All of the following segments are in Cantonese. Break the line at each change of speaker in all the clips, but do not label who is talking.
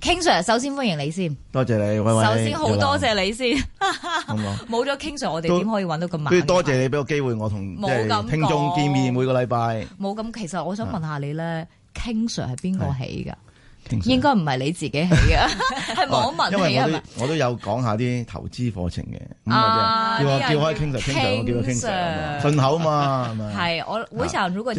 King Sir 首先歡迎你先，
多謝你，首先好多謝
你先，冇咗 King Sir 我哋點可以揾到咁猛？都多
謝你俾個機會我同聽眾見面，每個禮拜。
冇咁，其實我想問下你咧，King Sir 係邊個起噶？應該唔係你自己起嘅，係網民。因為
我都有講下啲投資課程嘅，叫叫開 King Sir，King Sir 我叫佢 King Sir，順口嘛係
咪？係我我如果。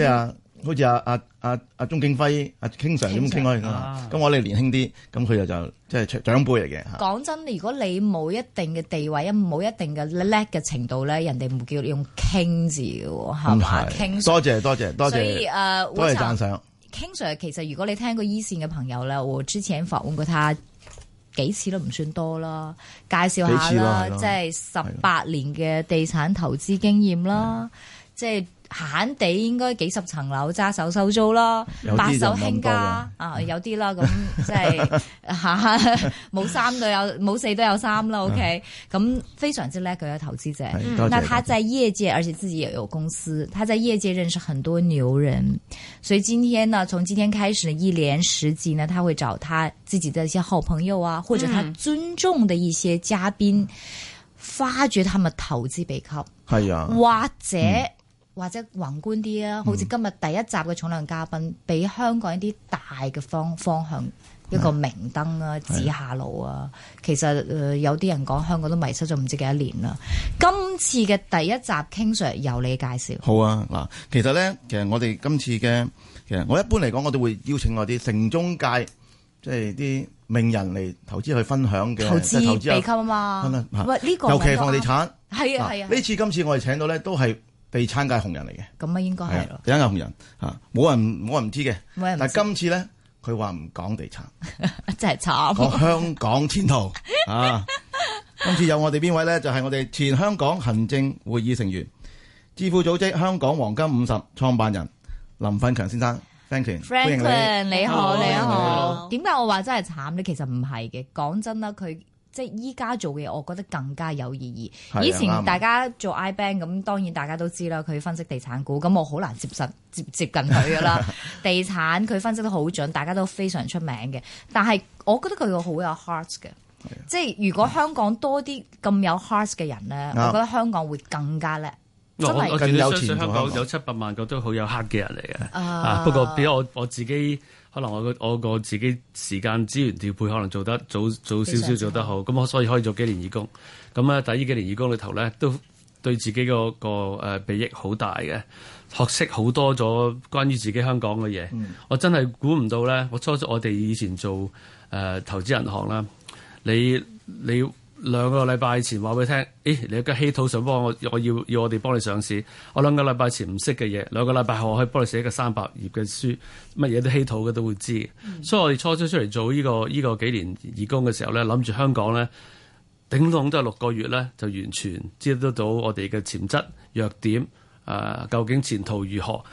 好似阿阿阿阿鍾景輝阿 King Sir 咁傾開嚟啦，咁、啊啊啊、我哋年輕啲，咁佢又就即係長輩嚟嘅。講、
啊、真，如果你冇一定嘅地位，一冇一定嘅叻嘅程度咧，人哋唔叫你用 King 字嘅，多傾。
多謝、uh, 多謝多謝，都係讚賞。
King Sir，其實，如果你聽過 E 線嘅朋友咧，我之前訪問過他幾次都唔算多啦，介紹下啦，即係十八年嘅地產投資經驗啦，即係的。閒地應該幾十層樓揸手收租咯，白手興家啊，有啲啦，咁即係冇三都有，冇四都有三啦。OK，咁非常之叻嘅投資者。那他在業界，而且自己又有公司，他在業界認識很多牛人，所以今天呢，從今天開始一連十集呢，他會找他自己的一些好朋友啊，或者他尊重的一些嘉賓，發掘他們投資秘笈。
係啊、嗯，或
者、嗯。或者宏觀啲啊，好似今日第一集嘅重量嘉賓，俾香港一啲大嘅方方向一個明燈啊，指下路啊。的其實誒，有啲人講香港都迷失咗唔知幾多年啦。今次嘅第一集傾 Sir 由你介紹。
好啊，嗱，其實咧，其實我哋今次嘅，其實我一般嚟講，我哋會邀請我啲城中界，即係啲名人嚟投資去分享嘅投資秘笈啊嘛。喂，呢、這個尤其房地產係啊係啊。呢次今次我哋請到咧都係。地產界紅人嚟嘅，咁啊應該係第一產界紅人吓，冇人冇人唔知嘅。但係今次咧，佢話唔講地產，
真係慘。講
香港前途啊！今次有我哋邊位咧，就係我哋前香港行政會議成員、智庫組織香港黃金五十創辦人林奮強先生，Franklin，歡迎
你，你好，你好。點解我話真係慘咧？其實唔係嘅，講真啦，佢。即係依家做嘅嘢，我覺得更加有意義。的以前大家做 iBank 咁，bank，當然大家都知啦，佢分析地產股，咁我好難接實接接近佢㗎啦。 地產佢分析得好準，大家都非常出名嘅。但係我覺得佢個好有 heart 嘅，的即係如果香港多啲咁有 heart 嘅人咧，的我覺得香港會更加叻。為
我真係我我更有錢，香港有七百萬個都好有 heart 嘅人嚟嘅。Uh，不過畀我我自己。可能我個我個自己時間資源調配可能做得早早少少做得好，咁我所以可以做幾年義工。咁啊，但係呢幾年義工裏頭咧，都對自己個個誒裨益好大嘅，學識好多咗關於自己香港嘅嘢。嗯、我真係估唔到咧，我初初我哋以前做誒、呃、投資銀行啦，你你。兩個禮拜前話俾你聽，誒、哎，你有個稀土想幫我，我要要我哋幫你上市。我兩個禮拜前唔識嘅嘢，兩個禮拜後我可以幫你寫個三百頁嘅書，乜嘢都稀土嘅都會知。嗯、所以我哋初初出嚟做呢、呢個依、呢個幾年義工嘅時候咧，諗住香港咧，頂籠都係六個月咧，就完全知得到我哋嘅潛質、弱點啊，究竟前途如何，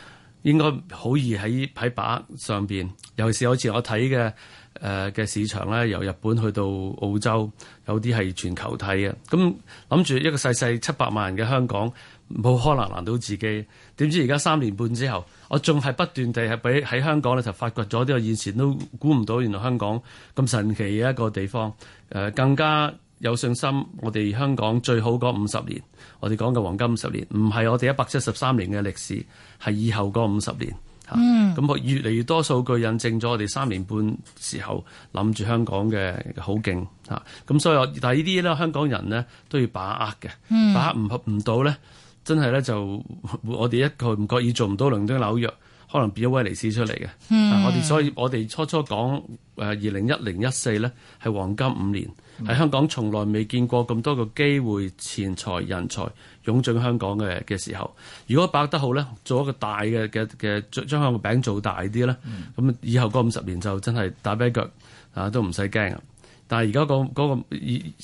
應該好易喺喺把握上邊。尤其是好似我睇嘅。誒嘅市場咧，由日本去到澳洲，有啲係全球睇嘅。咁諗住一個細細七百萬人嘅香港，冇可能難到自己。點知而家三年半之後，我仲係不斷地係俾喺香港咧就發掘咗啲我以前都估唔到，原來香港咁神奇嘅一個地方。誒，更加有信心，我哋香港最好嗰五十年，我哋講嘅黃金五十年，唔係我哋一百七十三年嘅歷史，係以後嗰五十年。嗯，咁我越嚟越多數據印證咗我哋三年半時候諗住香港嘅好勁吓，咁所以我但係呢啲咧香港人咧都要把握嘅，嗯、把握唔合唔到咧，真係咧就我哋一個唔覺意做唔到倫敦紐約，可能變咗威尼斯出嚟嘅、嗯啊。我哋所以我哋初初講誒二零一零一四咧係黃金五年。喺香港從來未見過咁多個機會、錢財、人才湧進香港嘅嘅時候，如果把握得好咧，做一個大嘅嘅嘅將香港個餅做大啲咧，咁、嗯、以後嗰五十年就真係打跛腳啊都唔使驚。但係而家個嗰個，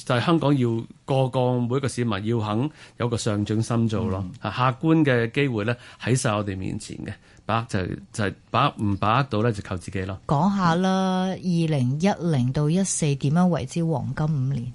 但、那、係、個就係、香港要個個每一個市民要肯有個上進心做咯，客、嗯、觀嘅機會咧喺晒我哋面前嘅。把握就就係把唔把握到咧，就靠自己咯。
講下啦，二零一零到一四點樣為之黃金五年？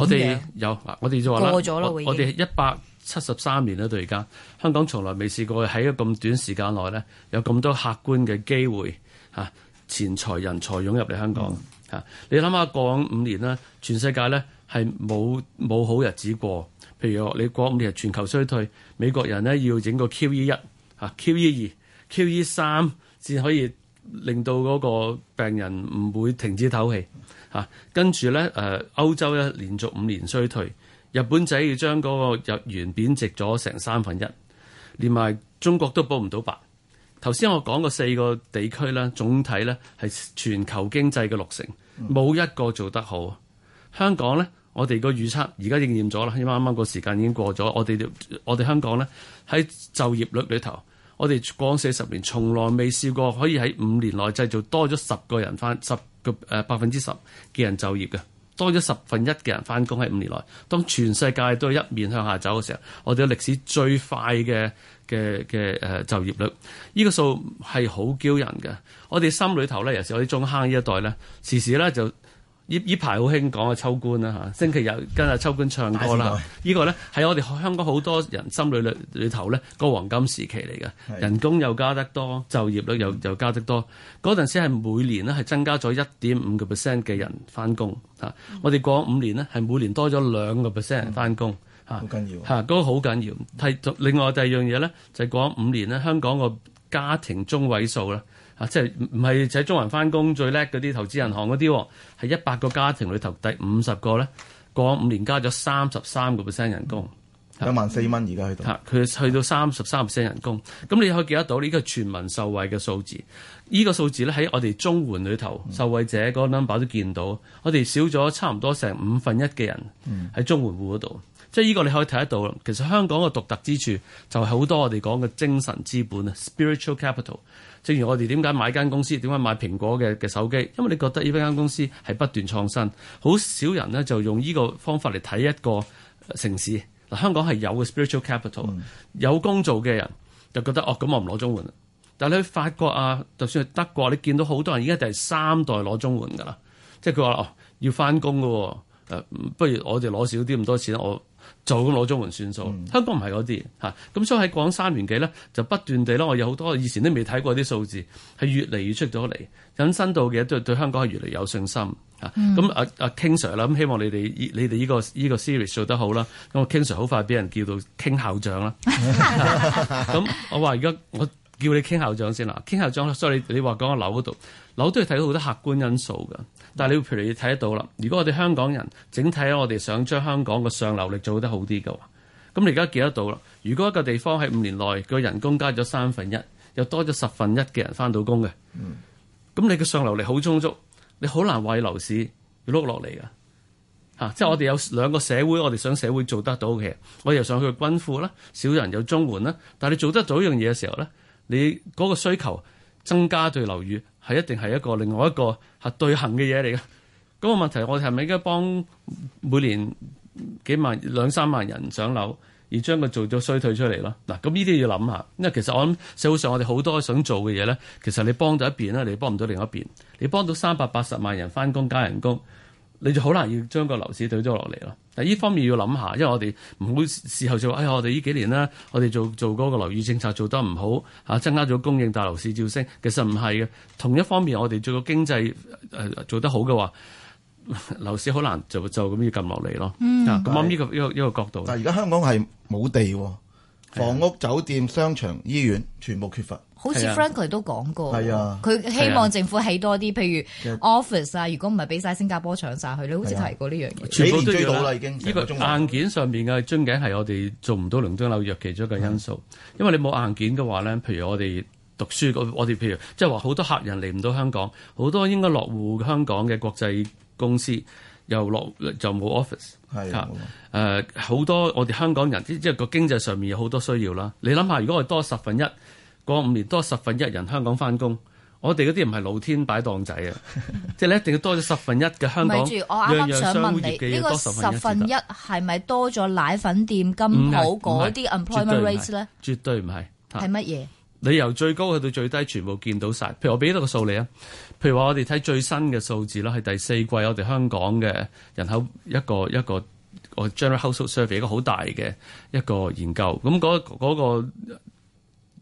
我哋有，我哋就話啦，我哋一百七十三年啦，到而家香港從來未試過喺咁短時間內咧，有咁多客觀嘅機會吓，錢財人才湧入嚟香港吓。你諗下過往五年咧，全世界咧係冇冇好日子過。譬如話你過五年，全球衰退，美國人咧要整個 QE 一吓，QE 二。QE 三至可以令到嗰個病人唔會停止唞氣嚇，跟住咧誒，歐洲咧連續五年衰退，日本仔要將嗰個日元貶值咗成三分一，連埋中國都補唔到白。頭先我講過四個地區啦，總體咧係全球經濟嘅六成，冇一個做得好。香港咧，我哋個預測而家應驗咗啦，因為啱啱個時間已經過咗，我哋我哋香港咧喺就業率裏頭。我哋講四十年，從來未試過可以喺五年內製造多咗十個人返十個誒、呃、百分之十嘅人就業嘅，多咗十分一嘅人返工喺五年內。當全世界都係一面向下走嘅時候，我哋嘅歷史最快嘅嘅嘅誒就業率，呢、呢個數係好驕人嘅。我哋心裏頭咧，尤其是我哋中坑呢一代咧，時時咧就。呢依排好興講啊秋官啦嚇，星期日跟阿秋官唱歌啦。呢 個咧喺我哋香港好多人心裏裏頭咧個黃金時期嚟嘅，人工又加得多，就業率又又加得多。嗰陣時係每年咧係增加咗一點五個 percent 嘅人翻工嚇。 我哋過咗五年呢，係每年多咗兩、 個 percent 人翻工嚇。好緊要嚇，嗰個好緊要。係 另外第二樣嘢咧就係、係、講五年咧香港個家庭中位數啦。啊！即係唔係就喺中環翻工最叻嗰啲投資銀行嗰啲，係一百個家庭裏頭第五十個咧，過往五年加咗三十三個 percent 人工，兩萬四蚊
而家去到。嚇！佢去
到三十三 percent 人工，咁、嗯、你可以記得到呢個全民受惠嘅數字。呢、呢個數字咧喺我哋中環裏頭、嗯、受惠者嗰個 number 都見到，我哋少咗差唔多成五分一嘅人喺中環戶嗰度。嗯、即係呢個你可以睇得到。其實香港嘅獨特之處就係好多我哋講嘅精神資本啊，spiritual capital。正如我哋點解買間公司，點解買蘋果嘅嘅手機，因為你覺得呢間公司係不斷創新。好少人呢就用呢個方法嚟睇一個城市嗱。香港係有嘅 spiritual capital 有工做嘅人就覺得哦咁，我唔攞綜援。但你去法國啊，就算係德國，你見到好多人而家第三代攞綜援㗎啦，即係佢話哦要翻工嘅喎，誒不如我哋攞少啲咁多錢我。就咁攞咗門算數，香港唔係嗰啲嚇，咁所以喺廣三聯記咧就不斷地咧，我有好多以前都未睇過啲數字，係越嚟越出咗嚟，引申到嘅都對香港係越嚟有信心嚇。咁阿 King Sir 啦，咁希望你哋依你哋呢個呢個 series 做得好啦。咁我 King Sir 好快俾人叫到 King 校長啦。咁 我話而家我。叫你傾校長先啦，傾校長。所以你你話講個樓嗰度，樓都係睇到好多客觀因素嘅。但係你譬如你睇得到啦，如果我哋香港人整體我哋想將香港嘅上流力做得好啲嘅話，咁你而家記得到啦。如果一個地方喺五年內個人工加咗三分一，又多咗十分一嘅人翻到工嘅，咁、mm. 你嘅上流力好充足，足，你好難為要樓市碌落嚟嘅。嚇、啊！即係我哋有兩個社會，我哋想社會做得到嘅，我哋又想去均富啦，少人有中緩啦。但係你做得到一樣嘢嘅時候咧。你嗰個需求增加對樓宇係一定，係一個另外一個係對行嘅嘢嚟嘅。咁個問題，我哋係咪應該幫每年幾萬兩三萬人上樓而將佢做咗衰退出嚟咯？嗱，咁呢啲要諗下，因為其實我諗社會上我哋好多想做嘅嘢咧，其實你幫到一邊啦，你幫唔到另一邊。你幫到三百八十萬人返工加人工，你就好難要將個樓市退咗落嚟咯。呢方面要諗下，因為我哋唔好事後就話，哎呀，我哋呢幾年呢，我哋做做嗰個樓宇政策做得唔好，嚇、啊、增加咗供應，但樓市照升，其實唔係嘅。同一方面，我哋做個經濟誒、呃、做得好嘅話，樓市好難就就咁要撳
落嚟咯。嗯，咁呢樣是、呢個呢個呢個角度。但係而家香港係冇地、啊。房屋、酒店、商場、醫院，全部缺乏。好似 Frankly 都講過，佢、啊、希望政
府起多啲，啊、譬如 office 啊，就如果唔係俾晒新加坡搶晒去，啊、你好似提過呢樣嘢。追
到全部都要啦，已經。呢、這個、這個、硬
件上面嘅樽頸係我哋做唔到倫敦紐約其中一個因素，嗯、因為你冇硬件嘅話咧，譬如我哋讀書，我我哋譬如即係話好多客人嚟唔到香港，好多應該落戶香港嘅國際公司。又落就冇 office，嚇！誒的，好、呃、多我哋香港人，即即個經濟上面有好多需要啦。你諗下，如果我多十分一，過五年多十分一人香港翻工，我哋嗰啲唔係露天擺檔仔啊！ 即係你一定要多咗十分一嘅香港，樣樣商業嘅多十分一。咪住，我啱啱想問你，呢
個十分一係咪多咗奶粉店、咁好嗰啲 employment rates 咧？
絕對唔係。係乜嘢？你由最高去到最低，全部見到晒。譬如我俾多個數你啊。譬如話我哋睇最新嘅數字啦，係第四季我哋香港嘅人口一個一個我 general household survey，一個好大嘅一個研究，咁嗰、嗰個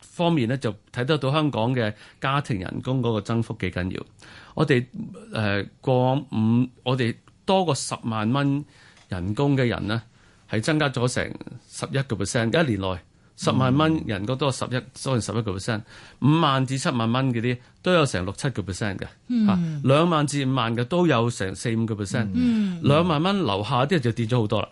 方面咧就睇得到香港嘅家庭人工個增幅幾緊要。我哋誒、呃、過五，我哋多過十萬蚊人工嘅人咧，係增加咗成十一個 percent 一年內。十萬蚊人都有十一，多成十一個 percent，五萬至七萬蚊嗰啲都有成六七個 percent 嘅，嚇兩萬至五萬嘅都有成四五個 percent，嗯，兩萬蚊樓下啲就跌咗好多啦。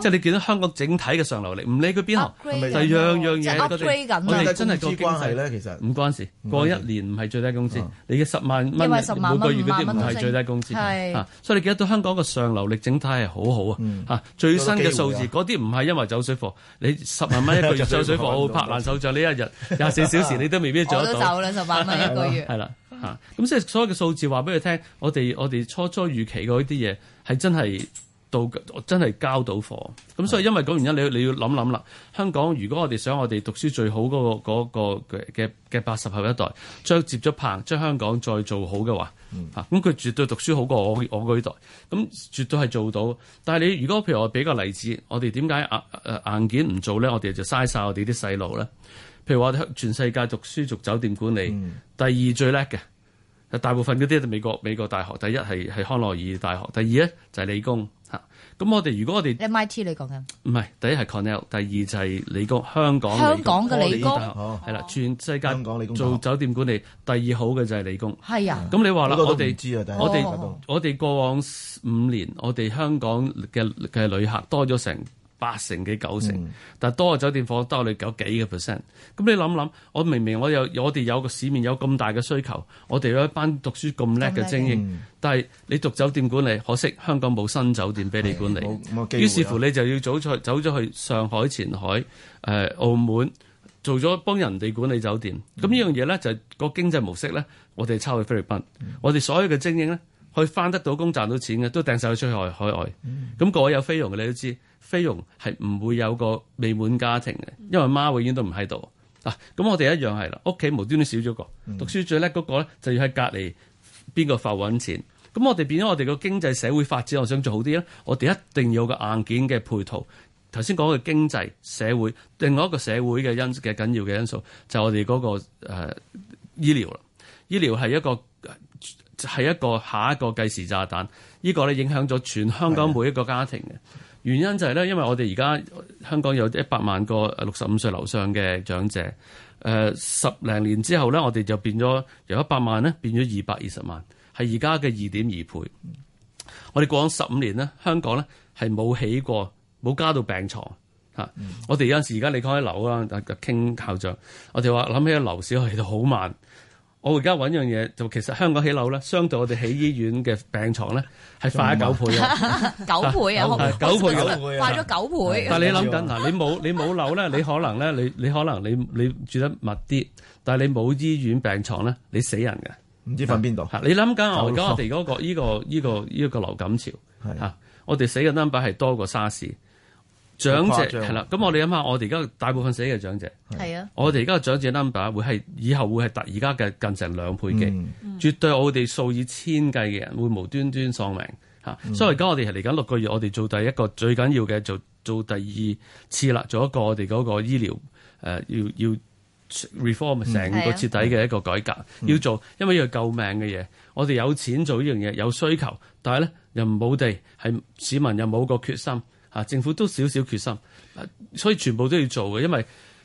即係你見到香港整體嘅上流力，唔理佢邊行，就樣樣嘢，我哋真係個經濟咧，其實唔關事。過一年唔係最低工資，你嘅十萬蚊每個月嗰啲唔係最低工資。所以你見得到香港個上流力整體係好好啊。吓，最新嘅數字，嗰啲唔係因為走水貨，你十萬蚊一個月走水貨，拍爛手掌，呢一日廿四小時你都未必做得到。都走啦，十
萬蚊一個月。係
啦，咁所以所有嘅數字話俾佢聽，我哋我哋初初預期嗰啲嘢係真係。到真係交到貨，咁的所以因為嗰原因，你你要諗諗啦。香港如果我哋想我哋讀書最好嗰，嗰個嘅嘅八十後一代，將接咗棒，將香港再做好嘅話，嚇，咁佢絕對讀書好過我我嗰代，咁絕對係做到。但係你如果譬如我俾個例子，我哋點解硬件唔做呢？我哋就嘥晒我哋啲細路呢。譬如話，全世界讀書讀酒店管理，嗯、第二最叻嘅，大部分嗰啲美國美國大學。第一係係康奈爾大學，第二呢就係理工。咁我哋如果我哋
，MIT 你講緊，
唔係第一係 Cornell，第二就係理工香港，香港嘅理工，係啦、哦，全世界做酒店管理，第二好嘅就係理工，係啊，咁你話啦，我哋知啊，我哋我哋過往五年，我哋香港嘅嘅旅客多咗成八成幾九成，嗯、但多個酒店房多你九幾個 percent。咁你諗諗，我明明我有我哋有個市面有咁大嘅需求，我哋有一班讀書咁叻嘅精英，嗯、但係你讀酒店管理，可惜香港冇新酒店俾你管理，冇機會。於是乎你就要走出走咗去上海前海誒、呃、澳門做咗幫人哋管理酒店。咁、嗯、呢樣嘢咧就係、個經濟模式咧，我哋抄去菲律賓。嗯、我哋所有嘅精英咧，可以翻得到工賺到錢嘅，都掟晒去出去海外。咁、嗯嗯、各位有菲傭嘅你都知。菲傭係唔會有個美滿家庭嘅，因為媽永遠都唔喺度嗱。咁、啊、我哋一樣係啦，屋企無端端少咗個、嗯、讀書最叻嗰個咧，就要喺隔離邊個發穩錢。咁我哋變咗我哋個經濟社會發展，我想做好啲咧，我哋一定要有個硬件嘅配套。頭先講嘅經濟社會，另外一個社會嘅因嘅緊要嘅因素，就係、我哋嗰、那個誒醫療啦。醫療係一個係一個下一個計時炸彈，呢、這個咧影響咗全香港每一個家庭嘅。原因就係咧，因為我哋而家香港有一百萬個六十五歲樓上嘅長者，誒、呃、十零年之後咧，我哋就變咗由一百萬咧變咗二百二十萬，係而家嘅二點二倍。嗯、我哋過咗十五年咧，香港咧係冇起過，冇加到病床。嚇、嗯。我哋有陣時而家你開樓啦，傾校長，我哋話諗起個樓市係到好慢。我而家揾樣嘢，就其實香港起樓咧，相對我哋起醫院嘅病床咧，係快咗九，麼 九倍啊，九倍啊，
九倍嘅、啊、啦，快咗九倍。但係你諗緊嗱，
你冇你冇樓咧，你可能咧，你你可能你你住得密啲，但係你冇醫院病床咧，你死人嘅，唔知瞓邊度。你諗緊路我而家我哋嗰個依、呢個依、呢個依、呢個流感潮，嚇，我哋死嘅 number 係多過沙士。
長者係啦，
咁我哋諗下，我哋而家大部分死嘅長者，係啊的，我哋而家嘅長者 number 會係以後會係達而家嘅近成兩倍幾。嗯、絕對我哋數以千計嘅人會無端端喪命嚇。嗯、所以而家我哋係嚟緊六個月，我哋做第一個最緊要嘅，就做，做第二次啦，做一個我哋嗰個醫療、呃、要要 reform 成個徹底嘅一個改革，嗯嗯、要做，因為要救命嘅嘢，我哋有錢做呢樣嘢，有需求，但係咧又冇地，係市民又冇個決心。啊！政府都少少決心，所以全部都要做嘅。因為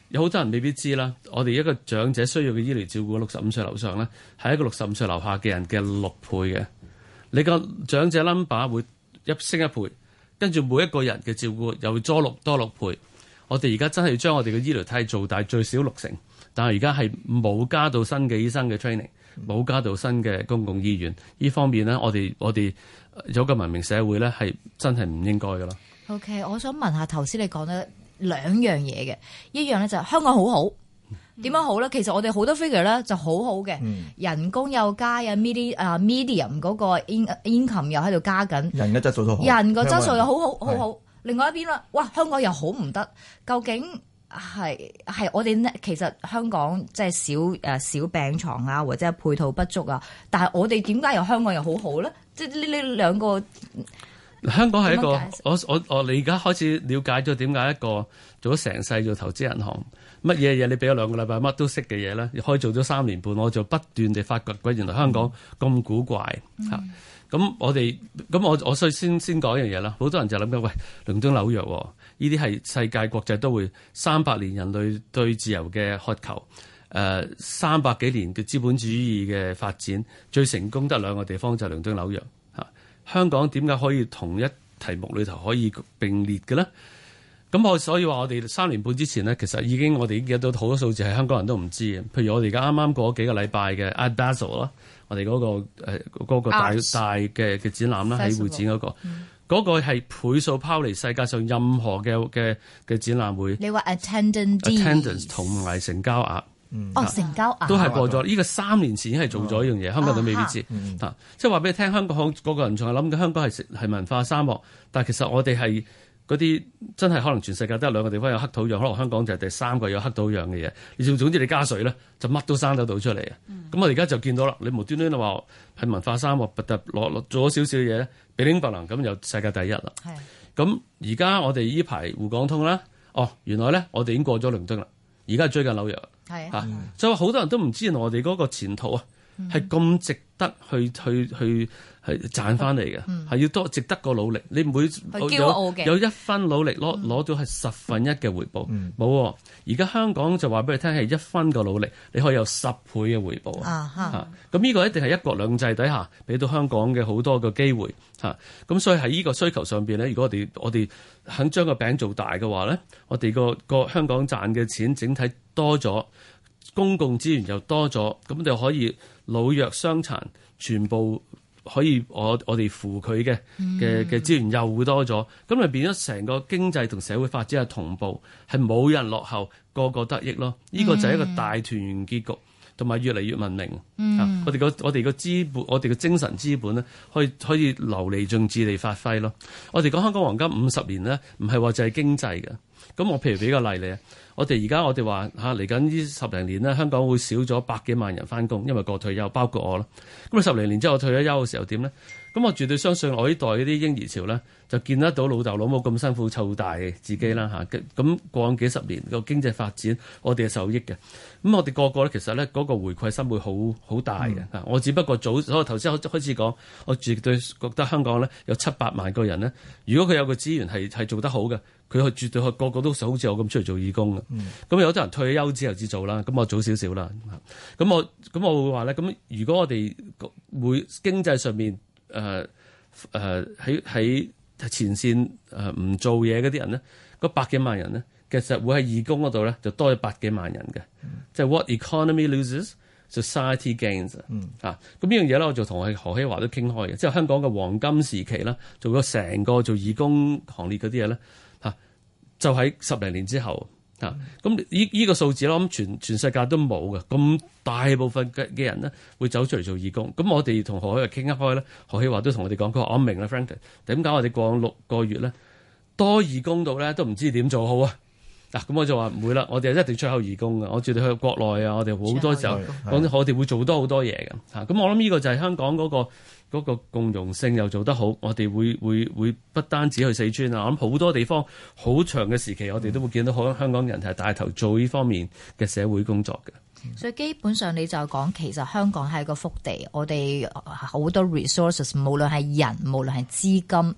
有好多人未必知啦。我哋一個長者需要嘅醫療照顧，六十五歲樓上咧係一個六十五歲樓下嘅人嘅六倍嘅。你個長者 number 會一升一倍，跟住每一個人嘅照顧又會多六多六倍。我哋而家真係要將我哋嘅醫療體做大最少六成，但係而家係冇加到新嘅醫生嘅 training，冇加到新嘅公共醫院呢方面咧。我哋我哋有個文明社會咧，係真係唔
應該噶啦。O.K.，我想問下頭先你講咧兩樣嘢嘅，一樣咧就係香港好好，點、嗯、樣好咧？其實我哋好多 figure 咧就好好嘅，嗯、人工又加啊，medium 嗰個 in income 又喺度加緊，人
嘅質素都好，人嘅質素又好好
好好。好好是另外一邊啦，哇，香港又好唔得，究竟係係我哋？其實香港即係少誒少病牀啊，或者配套不足啊，但係我哋點解又香港又好好咧？即係呢呢兩個。
香港係一個，我我我你而家開始了解咗點解一個做咗成世做投資銀行乜嘢嘢，你俾咗兩個禮拜，乜都識嘅嘢咧，開做咗三年半，我就不斷地發覺，原來香港咁古怪吓。咁、嗯、我哋咁我我先先講一樣嘢啦，好多人就諗到：喂，倫敦、紐約呢啲係世界國際都會，三百年人類對自由嘅渴求，誒三百幾年嘅資本主義嘅發展，最成功得兩個地方就係倫敦、紐約。香港點解可以同一題目裏頭可以並列嘅咧？咁我所以話我哋三年半之前呢，其實已經我哋已經得到好多數字，係香港人都唔知嘅。譬如我哋而家啱啱過幾個禮拜嘅 Art Basel 啦，我哋嗰個誒嗰個大大嘅嘅展覽啦，喺 Festival，會展嗰個嗰個係倍數拋離世界上任何嘅嘅嘅展覽會。
你話 attendance，attendance
同埋成交額。
哦，成交都係過咗。呢
個三年前已經係做咗一樣嘢，香港都未必知。即係話俾你聽，香港嗰個人仲係諗緊香港係係文化沙漠，但係其實我哋係嗰啲真係可能全世界都有兩個地方有黑土壤，可能香港就係第三個有黑土壤嘅嘢。總總之你加水咧，就乜都生得到出嚟啊。咁我哋而家就見到啦，你無端端話係文化沙漠，不特落落咗少少嘢，比拎伯能咁又世界第一啦。咁而家我哋呢排滬港通啦，哦，原來咧我哋已經過咗倫敦啦，而家追緊紐約。係啊，就話好多人都唔知我哋嗰個前途啊，係咁、嗯、值得去去去。去係賺翻嚟嘅，係要多值得個努力。你唔會有有一分努力攞攞到係十分一嘅回報，冇。而家香港就話俾你聽係一分個努力，你可以有十倍嘅回報啊！嚇，咁呢個一定係一國兩制底下俾到香港嘅好多個機會嚇。咁、啊、所以喺呢個需求上邊咧，如果我哋我哋肯將個餅做大嘅話咧，我哋個個香港賺嘅錢整體多咗，公共資源又多咗，咁就可以老弱傷殘全部。全部可以，我我哋扶佢嘅嘅嘅資源又多咗，咁咪、嗯、變咗成個經濟同社會發展係同步，係冇人落後，個個得益咯。呢、這個就係一個大團圓結局，同埋越嚟越文明。嗯、啊，我哋個我哋個資本，我哋嘅精神資本咧，可以可以淋漓盡致地發揮咯。我哋講香港黃金五十年咧，唔係話就係經濟嘅。咁我譬如俾個例你啊。我哋而家我哋話吓嚟緊呢十零年咧，香港會少咗百幾萬人翻工，因為個退休，包括我咯。咁啊十零年之後我退咗休嘅時候點咧？咁我絕對相信我呢代嗰啲嬰兒潮咧，就見得到老豆老母咁辛苦湊大自己啦嚇。咁、啊、咁過往幾十年個經濟發展，我哋係受益嘅。咁我哋個個咧其實咧嗰、嗰個回饋心會好好大嘅。嗯、我只不過早，所以我頭先開始講，我絕對覺得香港咧有七百萬個人咧，如果佢有個資源係係做得好嘅，佢係絕對係個個都想好似我咁出嚟做義工嘅。咁、嗯、有啲人退休之後至做啦，咁我早少少啦嚇。咁、啊、我咁我會話咧，咁如果我哋每經濟上面。誒誒喺喺前線誒唔、uh, 做嘢嗰啲人咧，個百幾萬人咧，其實會喺義工嗰度咧就多咗百幾萬人嘅，mm hmm. 即係 what economy loses society gains、mm hmm. 啊！咁呢樣嘢咧，我就同我何希華都傾開嘅，即係香港嘅黃金時期啦，做咗成個做義工行列嗰啲嘢咧嚇，就喺十零年之後。嗯、啊！咁依依個數字啦，咁全全世界都冇嘅，咁大部分嘅嘅人咧會走出嚟做義工。咁、嗯、我哋同何喜華傾一開咧，何喜華都同我哋講，佢話我明啦 Frankie 點解我哋過六個月咧多義工到咧都唔知點做好啊？嗱、啊，咁、嗯、我就話唔會啦，我哋一定出口義工嘅，我絕對去國內啊。我哋好多時候，我我哋會做多好多嘢嘅。嚇、啊！咁、嗯嗯、我諗呢個就係香港嗰、那個。嗰個共融性又做得好，我哋會會會不單止去四川啊，咁好多地方好長嘅時期，我哋都會見到好多香港人係帶頭做呢方面嘅社會工作嘅。
所以基本上你就講，其實香港係個福地，我哋好多 resources，無論係人，無論係資金，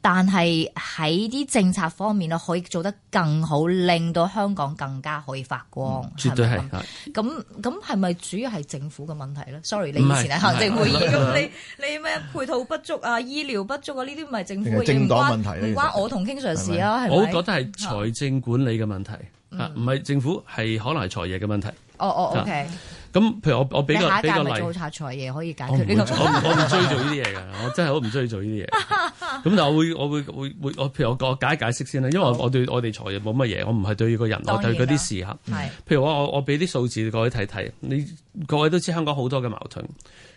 但係喺啲政策方面咧，可以做得更好，令到香港更加可以發光。絕對係咁咁，係咪主要係政府嘅問題咧？Sorry，你以前係行政會議，你你咩配套不足啊、醫療不足啊？呢啲唔係政府政黨問題咧？唔關我同經常事啊，係我覺得係財
政管理嘅問題，唔係政府，係可能係財爺嘅問題。哦哦、oh，OK、嗯。咁譬如我我俾個俾個例，做拆
財嘢可以解決呢個。我唔做，我唔追做呢啲
嘢噶，我真係好唔追做呢啲嘢。咁但係我會我會會會我譬如我解解釋先啦，因為我我對我哋財爺冇乜嘢，我唔係對個人，我對嗰啲事嚇。係是。譬如我我我俾啲數字各位睇睇，你各位都知香港好多嘅矛盾。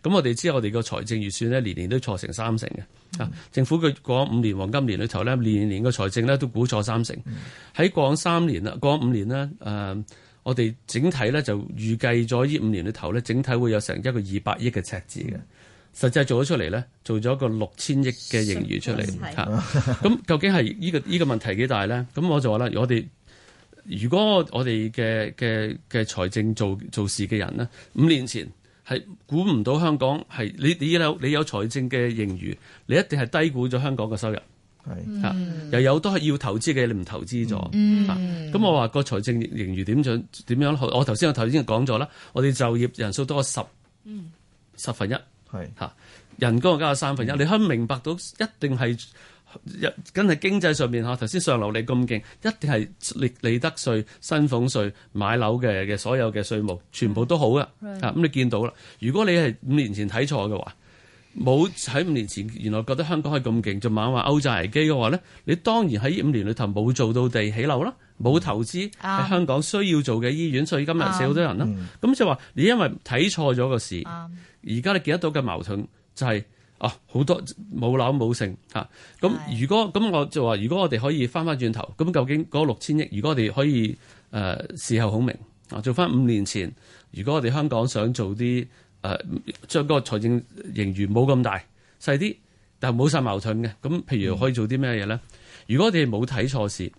咁我哋知我哋個財政預算咧年年都錯成三成嘅。啊、嗯，政府佢過咗五年黃金年裏頭咧，年年個財政咧都估錯三成。喺、嗯、過咗三年啦，過咗五年啦，誒、呃。我哋整體咧就預計咗呢五年嘅頭咧，整體會有成、嗯、一個二百億嘅赤字嘅。實際做咗出嚟咧，做咗個六千億嘅盈餘出嚟。咁 究竟係呢、呢個呢、呢個問題幾大咧？咁我就話咧，我哋如果我哋嘅嘅嘅財政做做事嘅人咧，五年前係估唔到香港係你你有你有，你有財政嘅盈餘，你一定係低估咗香港嘅收入。係啊，是嗯、又有都係要投資嘅，你唔投資咗。嗯。嗯，咁、嗯、我話個財政盈餘點樣？點樣？我頭先我頭先講咗啦。我哋就業人數多十，十分一，係嚇，是人工又加咗三分一。你可以明白到一定係，梗係經濟上面嚇。頭先上樓你咁勁，一定係利利得稅、薪俸稅、買樓嘅嘅所有嘅稅務，全部都好㗎。啊是，咁是你見到啦。如果你係五年前睇錯嘅話，冇喺五年前，原來覺得香港可以咁勁，就猛話歐債危機嘅話咧，你當然喺五年裏頭冇做到地起樓啦，冇投資喺香港需要做嘅醫院，所以今日死好多人啦。咁、嗯、就係話，你因為睇錯咗個事，而家、嗯、你見得到嘅矛盾就係、是、啊好多冇樓冇剩嚇。咁、啊、如果咁，嗯、我就話如果我哋可以翻翻轉頭，咁究竟嗰六千億，如果我哋可以誒、呃、事後孔明啊，做翻五年前，如果我哋香港想做啲。誒，將、啊、個財政盈餘冇咁大，細啲，但係冇晒矛盾嘅。咁譬如可以做啲咩嘢咧？嗯、如果我哋冇睇錯事，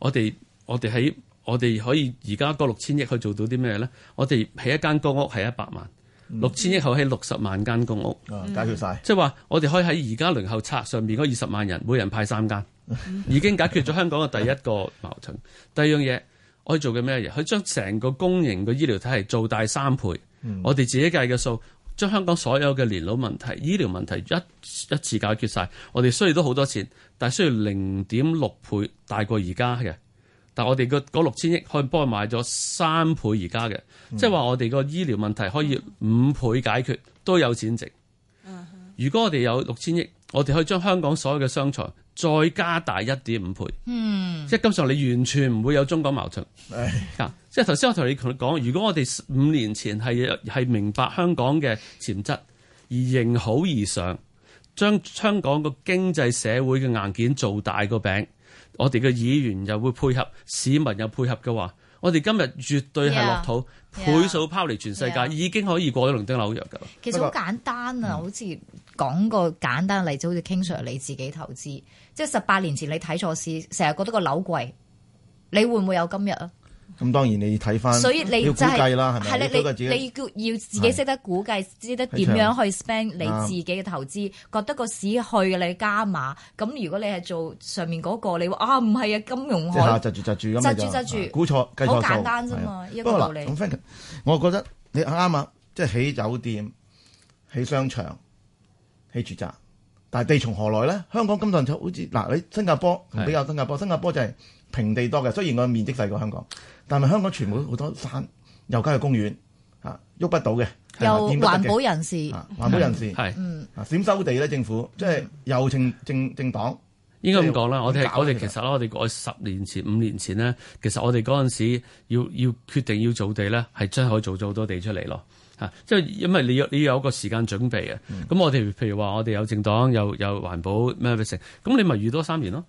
我哋我哋喺我哋可以而家嗰六千億去做到啲咩嘢咧？我哋起一間公屋係一百萬，六千、嗯、億可起六十萬間公屋、嗯、解決晒。即係話我哋可以喺而家輪候冊上面嗰二十萬人，每人派三間，已經解決咗香港嘅第一個矛盾。 第二樣嘢，我可以做嘅咩嘢？佢將成個公營嘅醫療體系做大三倍。我哋自己計嘅數，將香港所有嘅年老問題、醫療問題一一次解決晒。我哋雖然都好多錢，但係需要零點六倍大過而家嘅，但係我哋個六千億可以幫佢買咗三倍而家嘅，即係話我哋個醫療問題可以五倍解決都有錢剩。如果我哋有六千億。我哋可以將香港所有嘅商場再加大一點五倍，嗯，即係今上你完全唔會有中港矛盾，係， 即係頭先我同你同你講，如果我哋五年前係係明白香港嘅潛質，而迎好而上，將香港個經濟社會嘅硬件做大個餅，我哋嘅議員又會配合，市民又配合嘅話。我哋今日絕對係落土 yeah，倍數拋離全世界，yeah，已經可以過咗倫敦紐約噶啦。其實好
簡單啊，嗯、好似講個簡單例子，好似 King Sir 你自己投資，即係十八年前你睇錯市，成日覺得個樓貴，你會唔會有今日啊？
咁當然你睇翻，所以你就係，係咧，你你
要自己識得估計，知得點樣去 spend 你自己嘅投資，覺得個市去，你加碼。咁如果你係做上面嗰個，你話啊唔係啊，金融海，即係揸
住揸住咁，揸住揸住，估錯，好簡單啫嘛。不過嗱，我覺得你啱啊，即係起酒店、起商場、起住宅，但係地從何來咧？香港今盾就好似嗱，你新加坡比較新加坡，新加坡就係。平地多嘅，雖然我面積細過香港，但係香港全部好多山，又加個公園，嚇喐不到嘅。又環保人士，
啊、環保人士
係啊，點收地咧？政府即係右政政政黨，應
該咁講啦。我哋我哋其實我哋十年前、五年前咧，其實我哋嗰陣時要要決定要做地咧，係真係可以做咗好多地出嚟咯，嚇！即係因為你要你要有一個時間準備啊。咁、嗯、我哋譬如話，我哋有政黨，又有，有，有環保 benefit 咁，什麼什麼你咪預多三年咯。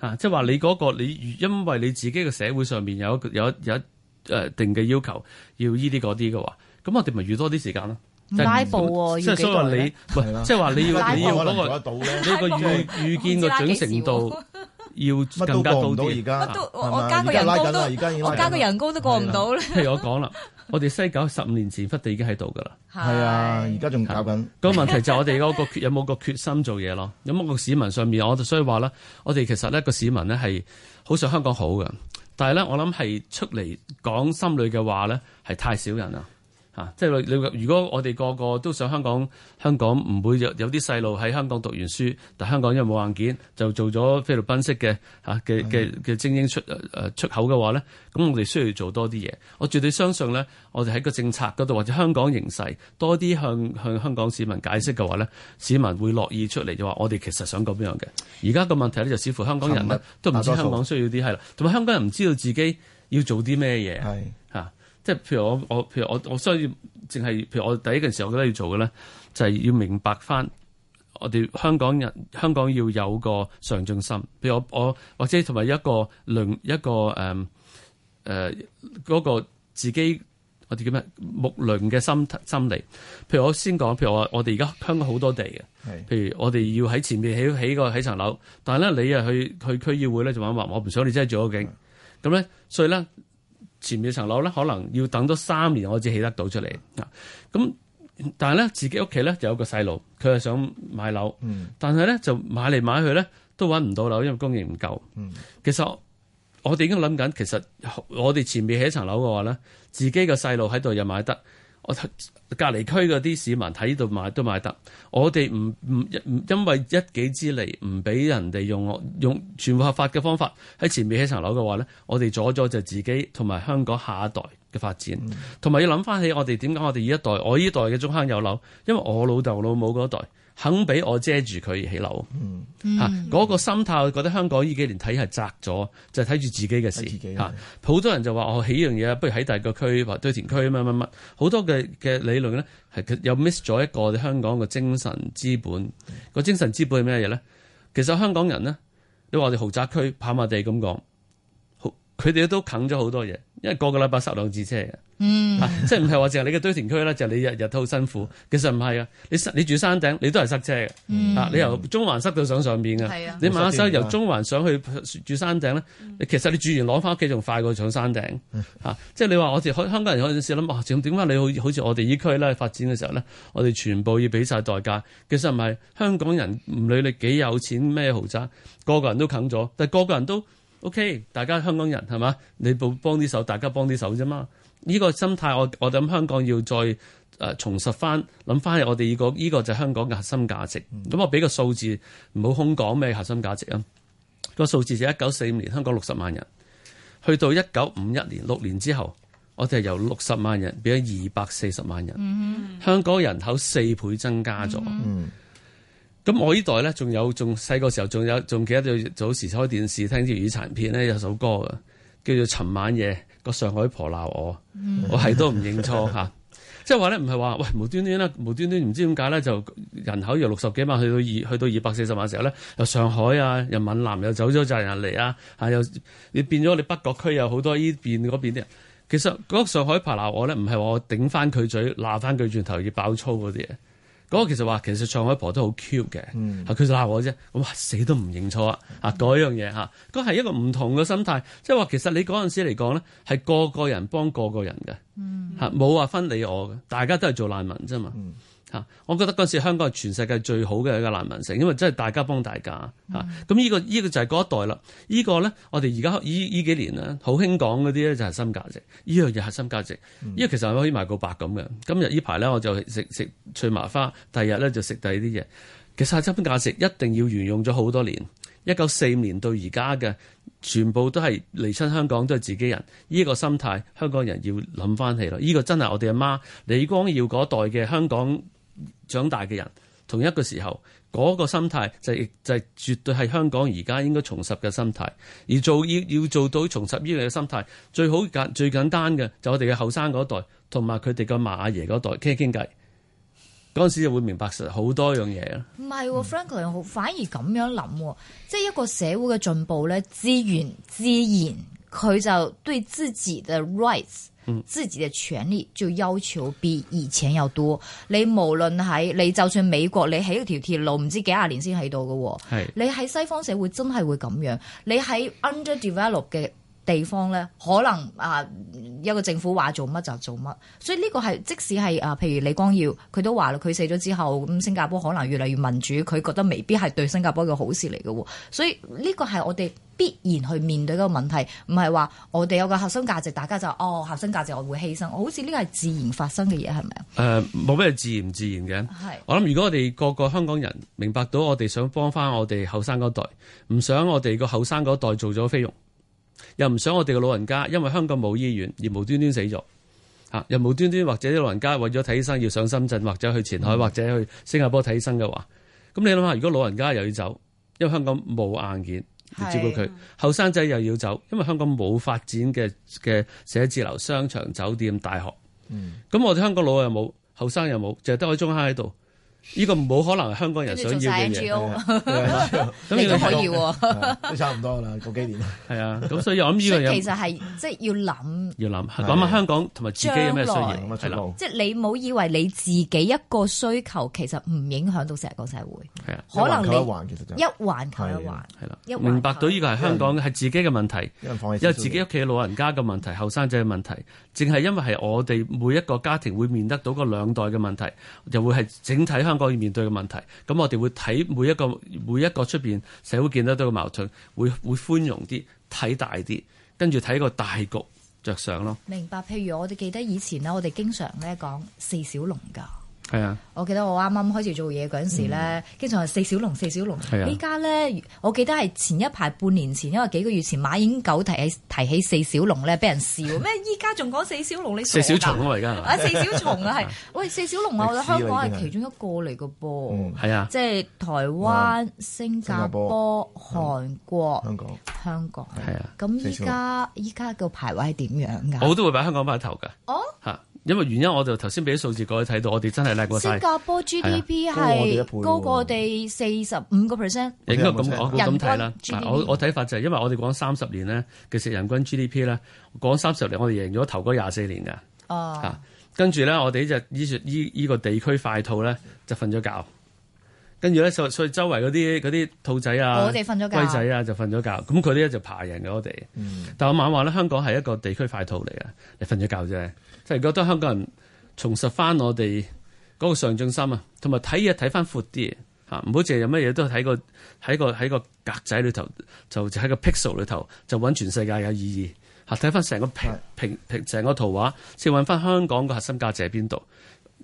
嚇！即係話你嗰、嗰個你，因為你自己嘅社會上面有一有一有一誒、呃、定嘅要求，要依啲嗰啲嘅話，咁我哋咪預多啲時間咯。
唔拉布喎，即係所以話你，即係話你要預嗰布、那個，到你，、那個、到你個預預見個準程
度。 要更加高點，乜都在吧我
加個人工都，我加個人工都過唔到咧。譬
如我講啦，我哋西九十五年前忽地已經喺度噶啦，係啊，而家仲搞緊。個問題就係我哋嗰個有冇個決心做嘢咯？ 有冇個市民上面，我就所以話啦，我哋其實咧個市民咧係好想香港好嘅，但係咧我諗係出嚟講心裏嘅話咧係太少人啊。啊！即係你如果我哋個個都想香港，香港唔會有有啲細路喺香港讀完書，但香港因為冇硬件就做咗菲律賓式嘅嚇嘅嘅嘅精英出誒、啊、出口嘅話咧，咁我哋需要做多啲嘢。我絕對相信咧，我哋喺個政策嗰度或者香港形勢多啲向向香港市民解釋嘅話咧，市民會樂意出嚟就話我哋其實想講邊樣嘅。而家個問題咧就似乎香港人咧都唔知香港需要啲係啦，同埋香港人唔知道自己要做啲咩嘢係嚇。即係譬如我我譬如我我所以淨係譬如我第一件事我覺得要做嘅咧，就係、是、要明白翻我哋香港人，香港要有個上進心。譬如我我或者同埋一個鄰一個誒誒嗰個自己我哋叫咩木鄰嘅心心理。譬如我先講，譬如我我哋而家香港好多地嘅，譬如我哋要喺前面起起個起層樓，但係咧你啊去去區議會咧就話話我唔想你真係做嗰境咁咧，所以咧。前面層樓咧，可能要等多三年，我至起得到出嚟。咁、嗯，但係咧，自己屋企咧就有個細路，佢係想買樓，嗯、但係咧就買嚟買去咧都揾唔到樓，因為供應唔夠、嗯。其實我哋已經諗緊，其實我哋前面起一層樓嘅話咧，自己個細路喺度又買得，我。隔離區嗰啲市民喺呢度買都買得，我哋唔唔唔，因為一己之利，唔俾人哋用我用全部合法嘅方法喺前面起層樓嘅話咧，我哋阻咗就自己同埋香港下一代嘅發展，同埋、嗯、要諗翻起我哋點解我哋依一代我依一代嘅中坑有樓，因為我老豆老母嗰一代。肯俾我遮住佢起樓，嚇嗰個心態，我覺得香港呢幾年睇係窄咗，就睇、是、住自己嘅事嚇。好、啊、多人就話我、哦、起樣嘢，不如喺第二個區或堆填區乜乜乜。好多嘅嘅理論咧，係又 miss 咗一個香港嘅精神資本。嗯、個精神資本係咩嘢咧？其實香港人呢，你話我哋豪宅區跑馬地咁講。佢哋都啃咗好多嘢，因為個個禮拜塞兩次車嘅，嗯、啊，即係唔係話淨係你嘅堆填區咧，就係、你日日都好辛苦。其實唔係啊，你塞你住山頂，你都係塞車嘅，嗯、啊，你由中環塞到上面、啊、上面嘅，你馬上由中環上去住山頂咧，嗯、其實你住完攞翻屋企仲快過上山頂，啊，即係你話我哋香港人有陣時諗啊，點解你好好似我哋依區咧發展嘅時候咧，我哋全部要俾晒代價。其實唔係香港人唔理你幾有錢咩豪宅，個個人都啃咗，但係個個人都。O.K. 大家香港人係嘛？你部幫啲手，大家幫啲手啫嘛。呢、這個心態，我我諗香港要再誒、呃、重拾翻，諗翻入我哋呢、這個依、這個就係香港嘅核心價值。咁、嗯、我俾個數字，唔好空講咩核心價值啊。這個數字就係一九四五年香港六十萬人，去到一九五一年六年之後，我哋係由六十萬人變咗二百四十萬人，嗯、哼香港人口四倍增加咗。嗯哼嗯咁我呢代咧，仲有仲細個時候，仲有仲記得早時開電視聽啲粵語殘片咧，有首歌嘅，叫做《尋晚夜個上海婆鬧我》我，我係都唔認錯吓，即係話咧，唔係話喂，無端端咧，無端端唔知點解咧，就人口由六十幾萬去到二去到二百四十萬嘅時候咧，由上海啊，由閩南又走咗責人嚟啊，吓又，又，又你變咗你北角區有好多呢邊嗰邊啲人，其實嗰上海婆鬧我咧，唔係話我頂翻佢嘴，鬧翻佢轉頭要爆粗嗰啲嘢。嗰個其實話，其實蔡海婆都好 cute 嘅，嚇佢就鬧我啫，咁啊死都唔認錯啊，啊嗰，嗯，樣嘢吓，嗰係一個唔同嘅心態，即係話其實你嗰陣時嚟講咧，係個個人幫個個人嘅，嚇冇話分你我嘅，大家都係做難民啫嘛。嗯嗯。嚇！我覺得嗰陣時香港係全世界最好嘅一個難民城，因為真係大家幫大家嚇。咁呢、嗯啊呢個依、呢個就係嗰一代啦。呢個、呢個咧，我哋而家依依幾年啦，好興講嗰啲咧就係核心價值，呢樣嘢核心價值，呢個其實可以賣個百咁嘅。今日呢排咧我就食食脆麻花，第二日咧就食第二啲嘢。其實核心價值一定要沿用咗好多年，一九四年到而家嘅全部都係嚟親香港都係自己人，呢、呢個心態香港人要諗翻起咯。呢、呢個真係我哋阿媽李光耀嗰代嘅香港。長大嘅人，同一個時候，嗰、那個心態就係、就係、絕對係香港而家應該重拾嘅心態。而做要要做到重拾呢個心態，最好簡最簡單嘅就我哋嘅後生嗰代，同埋佢哋嘅馬爺嗰代傾傾偈，嗰時就會明白實好多樣嘢
啦。唔係、啊、Franklin 好反而咁樣諗，即係一個社會嘅進步咧，資源、自然佢就對自己嘅 rights。嗯、自己嘅權利就要求比以前要多，你無論喺你就算美國，你起一條鐵路唔知幾廿年先起到嘅喎，是的 你喺西方社會真係會咁樣，你喺 underdevelop 嘅地方咧，可能啊，一個政府話做乜就做乜，所以呢個係即使係啊，譬如李光耀佢都話啦，佢死咗之後，咁新加坡可能越嚟越民主，佢覺得未必係對新加坡嘅好事嚟嘅，所以呢個係我哋必然去面對嗰個問題，唔係話，我哋有個核心價值，大家就哦核心價值我會犧牲，好似呢個係自然發生嘅嘢，係咪啊？誒、
呃，冇咩自然唔自然嘅，係是，我諗如果我哋個個香港人明白到我哋想幫翻我哋後生嗰代，唔想我哋個後生嗰代做咗菲傭。又唔想我哋嘅老人家，因為香港冇醫院而無端端死咗，吓，又無端端或者啲老人家為咗睇醫生要上深圳，或者去前海，或者去新加坡睇醫生嘅話，咁你諗下，如果老人家又要走，因為香港冇硬件照顧佢，後生仔又要走，因為香港冇發展嘅嘅寫字樓、商場、酒店、大學，咁、嗯、我哋香港老又冇，後生又冇，淨係得我中坑喺度。呢個冇可能係香港人想要嘅嘢，
咁你都可以，都
差唔多啦，
過幾年。係啊，咁所以我諗呢個其實
係即係要諗，
要諗諗下香港同埋自己有咩需要？即係
你冇以為你自己一個需求，其實唔影響到成個社會。
係啊，可能你一環扣一環。係啦，明白到呢個係香港係自己嘅問題，因為自己屋企嘅老人家嘅問題、後生仔嘅問題，淨係因為係我哋每一個家庭會面得到個兩代嘅問題，就會係整體香。我面對嘅問題，咁我哋會睇每一個每一個出邊社會見得都有矛盾，會會寬容啲，睇大啲，跟住睇個大局着想咯。明
白，譬如我哋記得以前咧，我哋經常咧講四小龍噶。係啊！我記得我啱啱開始做嘢嗰陣時咧，經常係四小龍，四小龍。依家咧，我記得係前一排半年前，因為幾個月前馬英九提起提起四小龍咧，俾人笑咩？依家仲講四小龍，你四小蟲咯？而家啊，四小蟲啊，係喂四小龍啊，香港係其中一個嚟噶噃。係啊，即係台灣、新加坡、韓國、香港、香港係啊。咁依家依家個排位係點樣噶？我都
會擺香港排頭噶。哦，吓。因為原因，我就頭先俾啲數字過去睇到，我哋真係叻過新加
坡 GDP 係、啊、高過我哋四十五個 percent。應該咁講，咁睇啦。
我我睇法就係，因為我哋講三十年咧，其實人均 GDP 咧，講三十年我哋贏咗頭嗰廿四年嘅。哦，嚇，跟住咧，我哋就依依依個地區快兔咧就瞓咗覺，跟住咧，所所以周圍嗰啲啲兔仔啊、我龜仔啊就瞓咗覺，咁佢哋咧就爬贏咗我哋。嗯、但我晚話咧，香港係一個地區快兔嚟嘅，你瞓咗覺啫。就係覺得香港人重拾翻我哋嗰個上進心啊，同埋睇嘢睇翻闊啲嚇，唔好淨係有乜嘢都睇個喺個喺個格仔裏頭，就喺個 pixel 裏頭就揾全世界嘅意義嚇，睇翻成個平平平成個圖畫先揾翻香港個核心價值喺邊度。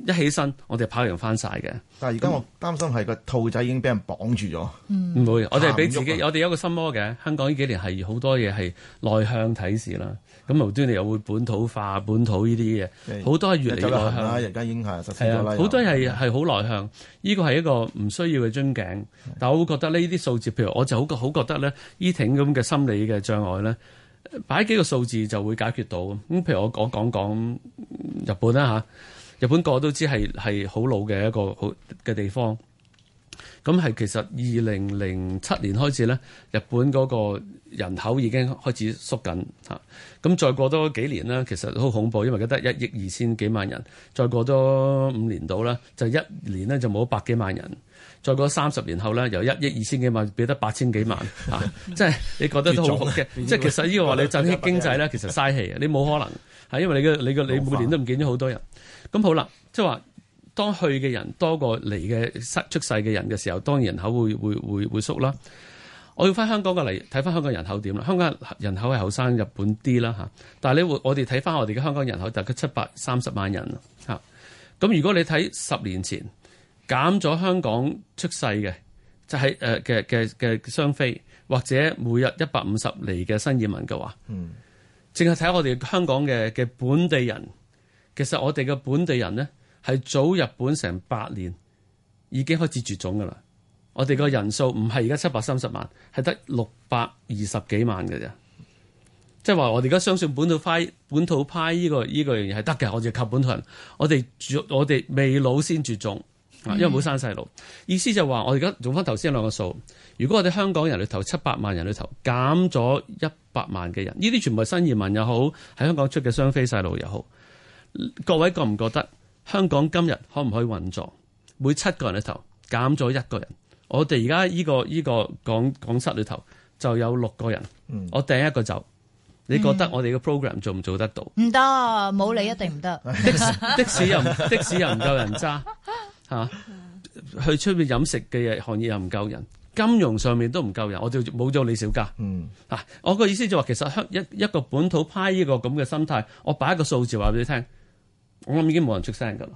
一起身，我哋跑完翻晒嘅。
但係而家我擔心係個兔仔已經俾人綁住咗，唔、嗯、會。我哋俾自己，我哋有個心
魔嘅。香港呢幾年係好多嘢係內向睇事啦。咁無端端又會本土化、本土呢啲嘢，好多係越嚟越內向。而
家已經係實好多係
係好內向。呢個係一個唔需要嘅樽頸，是的 但我會覺得呢啲數字，譬如我就好好覺得咧，伊挺咁嘅心理嘅障礙咧，擺幾個數字就會解決到咁。譬如我講講講日本啦嚇。啊。日本個個都知係係好老嘅一個好嘅地方，咁係其實二零零七年開始咧，日本嗰個人口已經開始縮緊嚇。咁再過多幾年呢，其實好恐怖，因為佢得一億二千幾萬人，再過多五年到啦，就一年呢，就冇百幾萬人，再過三十年後咧，由一億二千幾萬變得八千幾萬嚇，即係你覺得都好恐怖嘅。 了即係其實呢個話你振興經濟咧，其實嘥氣啊！你冇可能係因為你嘅你嘅你每年都唔見咗好多人。咁好啦，即係話當去嘅人多過嚟嘅出世嘅人嘅時候，當然人口會會會會縮啦。我要翻香港嘅嚟睇翻香港人口點啦。香港人口係後生日本啲啦吓，但係你會我我哋睇翻我哋嘅香港人口大概七百三十萬人吓。咁如果你睇十年前減咗香港出世嘅，就係誒嘅嘅嘅雙飛或者每日一百五十嚟嘅新移民嘅話，
嗯，
淨係睇我哋香港嘅嘅本地人。其實我哋嘅本地人咧，係早日本成百年已經開始絕種噶啦。我哋個人數唔係而家七百三十萬，係得六百二十幾萬嘅啫。即係話我哋而家相信本土派，本土派呢、這個呢、這個嘢係得嘅。我哋靠本土人，我哋住我哋未老先絕種，因為冇生細路。嗯、意思就係話我哋而家用翻頭先兩個數，如果我哋香港人裏頭七百萬人裏頭減咗一百萬嘅人，呢啲全部係新移民又好，喺香港出嘅雙非細路又好。各位覺唔覺得香港今日可唔可以運作？每七個人裏頭減咗一個人，我哋而家依個依、這個講講室裏頭就有六個人，嗯、我掟一個走，你覺得我哋嘅 program 做唔做得到？
唔得，冇你一定唔得。 的士又的士又唔夠人
揸，吓、啊，去出面飲食嘅嘢行業又唔夠人，金融上面都唔夠人，我哋冇咗李小加。嗯，嗱、啊，我個意思就話，其實香一一個本土派依個咁嘅心態，我擺一個數字話俾你聽。我諗已經冇人出聲㗎啦。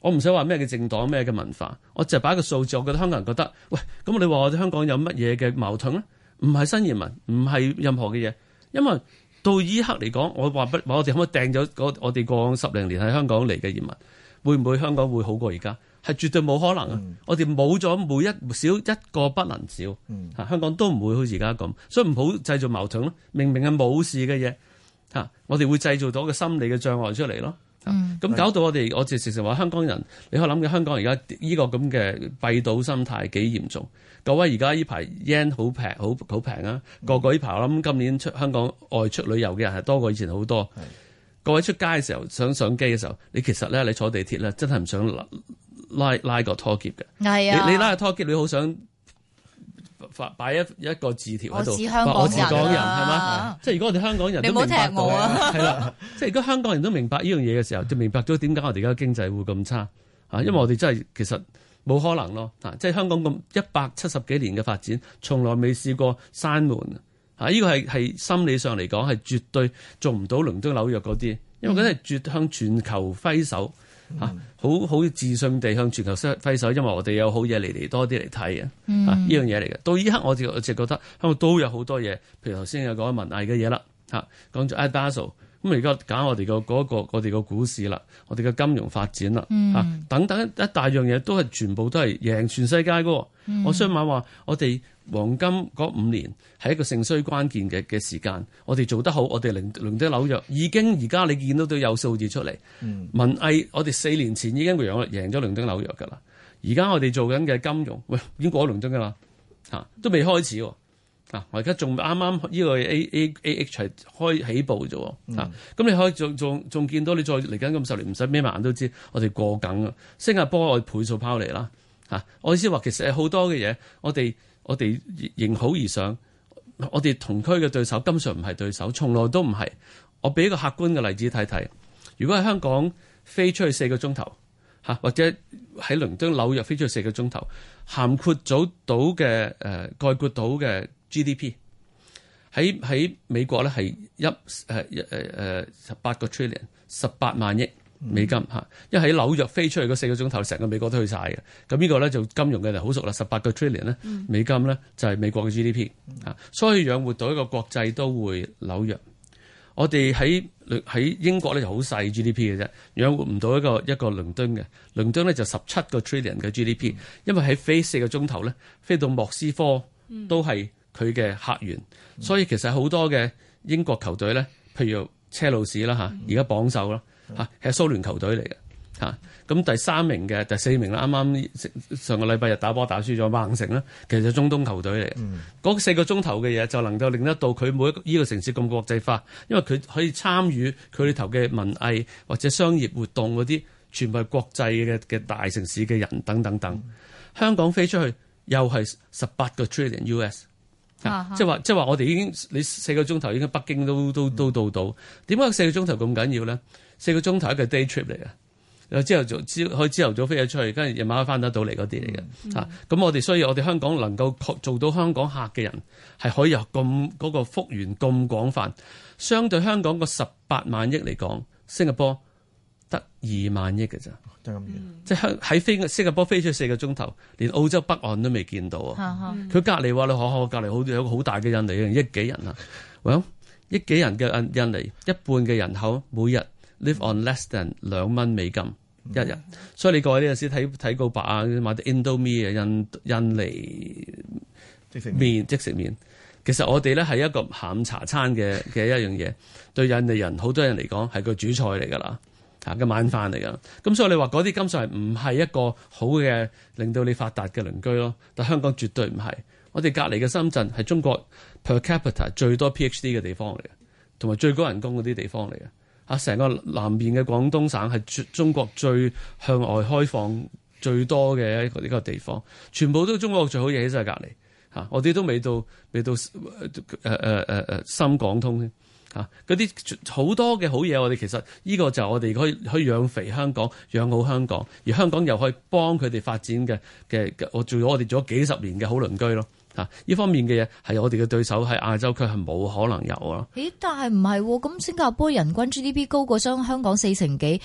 我唔使話咩嘅政黨咩嘅文化，我就係擺一個數字。我覺得香港人覺得喂咁，你話我哋香港有乜嘢嘅矛盾咧？唔係新移民，唔係任何嘅嘢，因為到依刻嚟講，我話不我哋可唔可以掟咗？我我哋過往十零年喺香港嚟嘅移民，會唔會香港會好過而家？係絕對冇可能啊！Mm. 我哋冇咗每一少一個不能少嚇，香港都唔會好似而家咁，所以唔好製造矛盾咯。明明係冇事嘅嘢嚇，我哋會製造到一個心理嘅障礙出嚟咯。嗯，咁搞到我哋，的我直直成話香港人，你可諗嘅香港而家依個咁嘅閉島心態幾嚴重？各位而家依排 yen 好平，好好平啊，嗯、個個依排我諗今年出香港外出旅遊嘅人係多過以前好多。的各位出街嘅時候，想上機嘅時候，你其實咧，你坐地鐵咧，真係唔想拉拉拉個拖喼嘅。係啊的，你拉個拖喼，你好想。發擺一一個字條喺度，我係香港人，係嘛、啊？即係如果我哋香港人，你唔好聽我啊！係啦，即係如果香港人都明白呢樣嘢嘅時候，就明白咗點解我哋而家經濟會咁差啊！因為我哋真係其實冇可能咯啊！即係香港咁一百七十幾年嘅發展，從來未試過閂門啊！呢個係係心理上嚟講係絕對做唔到倫敦紐、紐約嗰啲，因為嗰啲係絕向全球揮手。吓，好好自信地向全球揮揮手，因為我哋有好嘢嚟嚟多啲嚟睇啊！嚇、嗯，依樣嘢嚟嘅。到依刻，我我就覺得，因為都有好多嘢，譬如頭先有講文藝嘅嘢啦，嚇，講咗阿咁而家揀我哋個嗰我哋個股市啦，我哋嘅金融發展啦，嚇、嗯、等等一大樣嘢都係全部都係贏全世界噶、嗯。我上晚話我哋黃金嗰五年係一個盛衰關鍵嘅嘅時間，我哋做得好，我哋倫敦紐約已經而家你見到都有數字出嚟。嗯、文藝我哋四年前已經個樣啦，贏咗倫敦紐約噶啦。而家我哋做緊嘅金融，喂，已經過咗倫敦噶啦，嚇都未開始喎。嗱、啊，我而家仲啱啱呢個 A A A H 才開起步啫喎、啊，咁你可以仲仲仲見到你再嚟緊咁十年，唔使眯埋眼都知，我哋過緊啊！新加坡我倍數拋嚟啦，嚇、啊！我意思話其實好多嘅嘢，我哋我哋迎好而上，我哋同區嘅對手根本上唔係對手，從來都唔係。我俾個客觀嘅例子睇睇，如果喺香港飛出去四個鐘頭，嚇、啊、或者喺倫敦紐約飛出去四個鐘頭，涵括咗到嘅誒，概括到嘅。GDP 喺喺美國咧係一誒一誒誒十八個 trillion，十八萬億美金嚇。一喺、嗯、紐約飛出嚟嗰四個鐘頭，成個美國都去晒嘅。咁呢個咧就金融嘅就好熟啦。十八個 trillion 咧美金咧就係美國嘅 GDP 嚇、嗯。所以養活到一個國際都會紐約。我哋喺喺英國咧就好細 GDP 嘅啫，養活唔到一個一個倫敦嘅。倫敦咧就十七個 trillion 嘅 GDP，因為喺飛四個鐘頭咧飛到莫斯科都係。佢嘅客源，所以其實好多嘅英國球隊咧，譬如車路士啦吓，而家榜首啦吓係蘇聯球隊嚟嘅吓，咁第三名嘅第四名咧，啱啱上個禮拜日打波打輸咗曼城啦，其實係中東球隊嚟嘅。嗯、四個鐘頭嘅嘢，就能夠令得到佢每一呢個城市咁國際化，因為佢可以參與佢裏頭嘅文藝或者商業活動啲，全部係國際嘅嘅大城市嘅人等等等。嗯、香港飛出去又係十八個 trillion U.S. 即係話，即係話，啊、我哋已經你四個鐘頭已經北京都都都,都到到，點解四個鐘頭咁緊要咧？四個鐘頭一個 day trip 嚟嘅，之後早朝可以朝頭早飛咗出去，跟住夜晚可以返得到嚟嗰啲嚟嘅吓。咁我哋所以我哋香港能夠做到香港客嘅人係可以有咁嗰、嗰個幅員咁廣泛，相對香港個十八萬億嚟講，新加坡。得二萬億嘅咋？得咁遠？即係喺飛新加坡飛出四個鐘頭，連澳洲北岸都未見到啊！佢隔離話你可可，隔離好似有個好大嘅印尼一樣啊，億幾人啊？Well，億幾人嘅印印尼一半嘅人口每日 live on less than 兩蚊美金一日，所以你各位呢，有時睇睇告白啊，買啲 Indomie 啊，印印尼麵即食麵，即食麵。其實我哋咧係一個下午茶餐嘅嘅一樣嘢， 對印尼人好多人嚟講係個主菜嚟㗎啦。嚇嘅晚飯嚟㗎，咁所以你話嗰啲金屬係唔係一個好嘅令到你發達嘅鄰居咯？但香港絕對唔係，我哋隔離嘅深圳係中國 per capita 最多 PhD 嘅地方嚟嘅，同埋最高人工嗰啲地方嚟嘅。嚇，成個南邊嘅廣東省係中國最向外開放最多嘅一個地方，全部都中國最好嘢喺晒隔離。嚇，我哋都未到未到誒誒誒誒深港通。啊！嗰啲好多嘅好嘢，我哋其實呢個就我哋可以可以養肥香港、養好香港，而香港又可以幫佢哋發展嘅嘅，做我做咗我哋做咗幾十年嘅好鄰居咯。啊！呢方面嘅嘢係我哋嘅對手喺亞洲區係冇可能有啊。
咦？但係唔係咁新加坡人均 GDP 高過香香港四成幾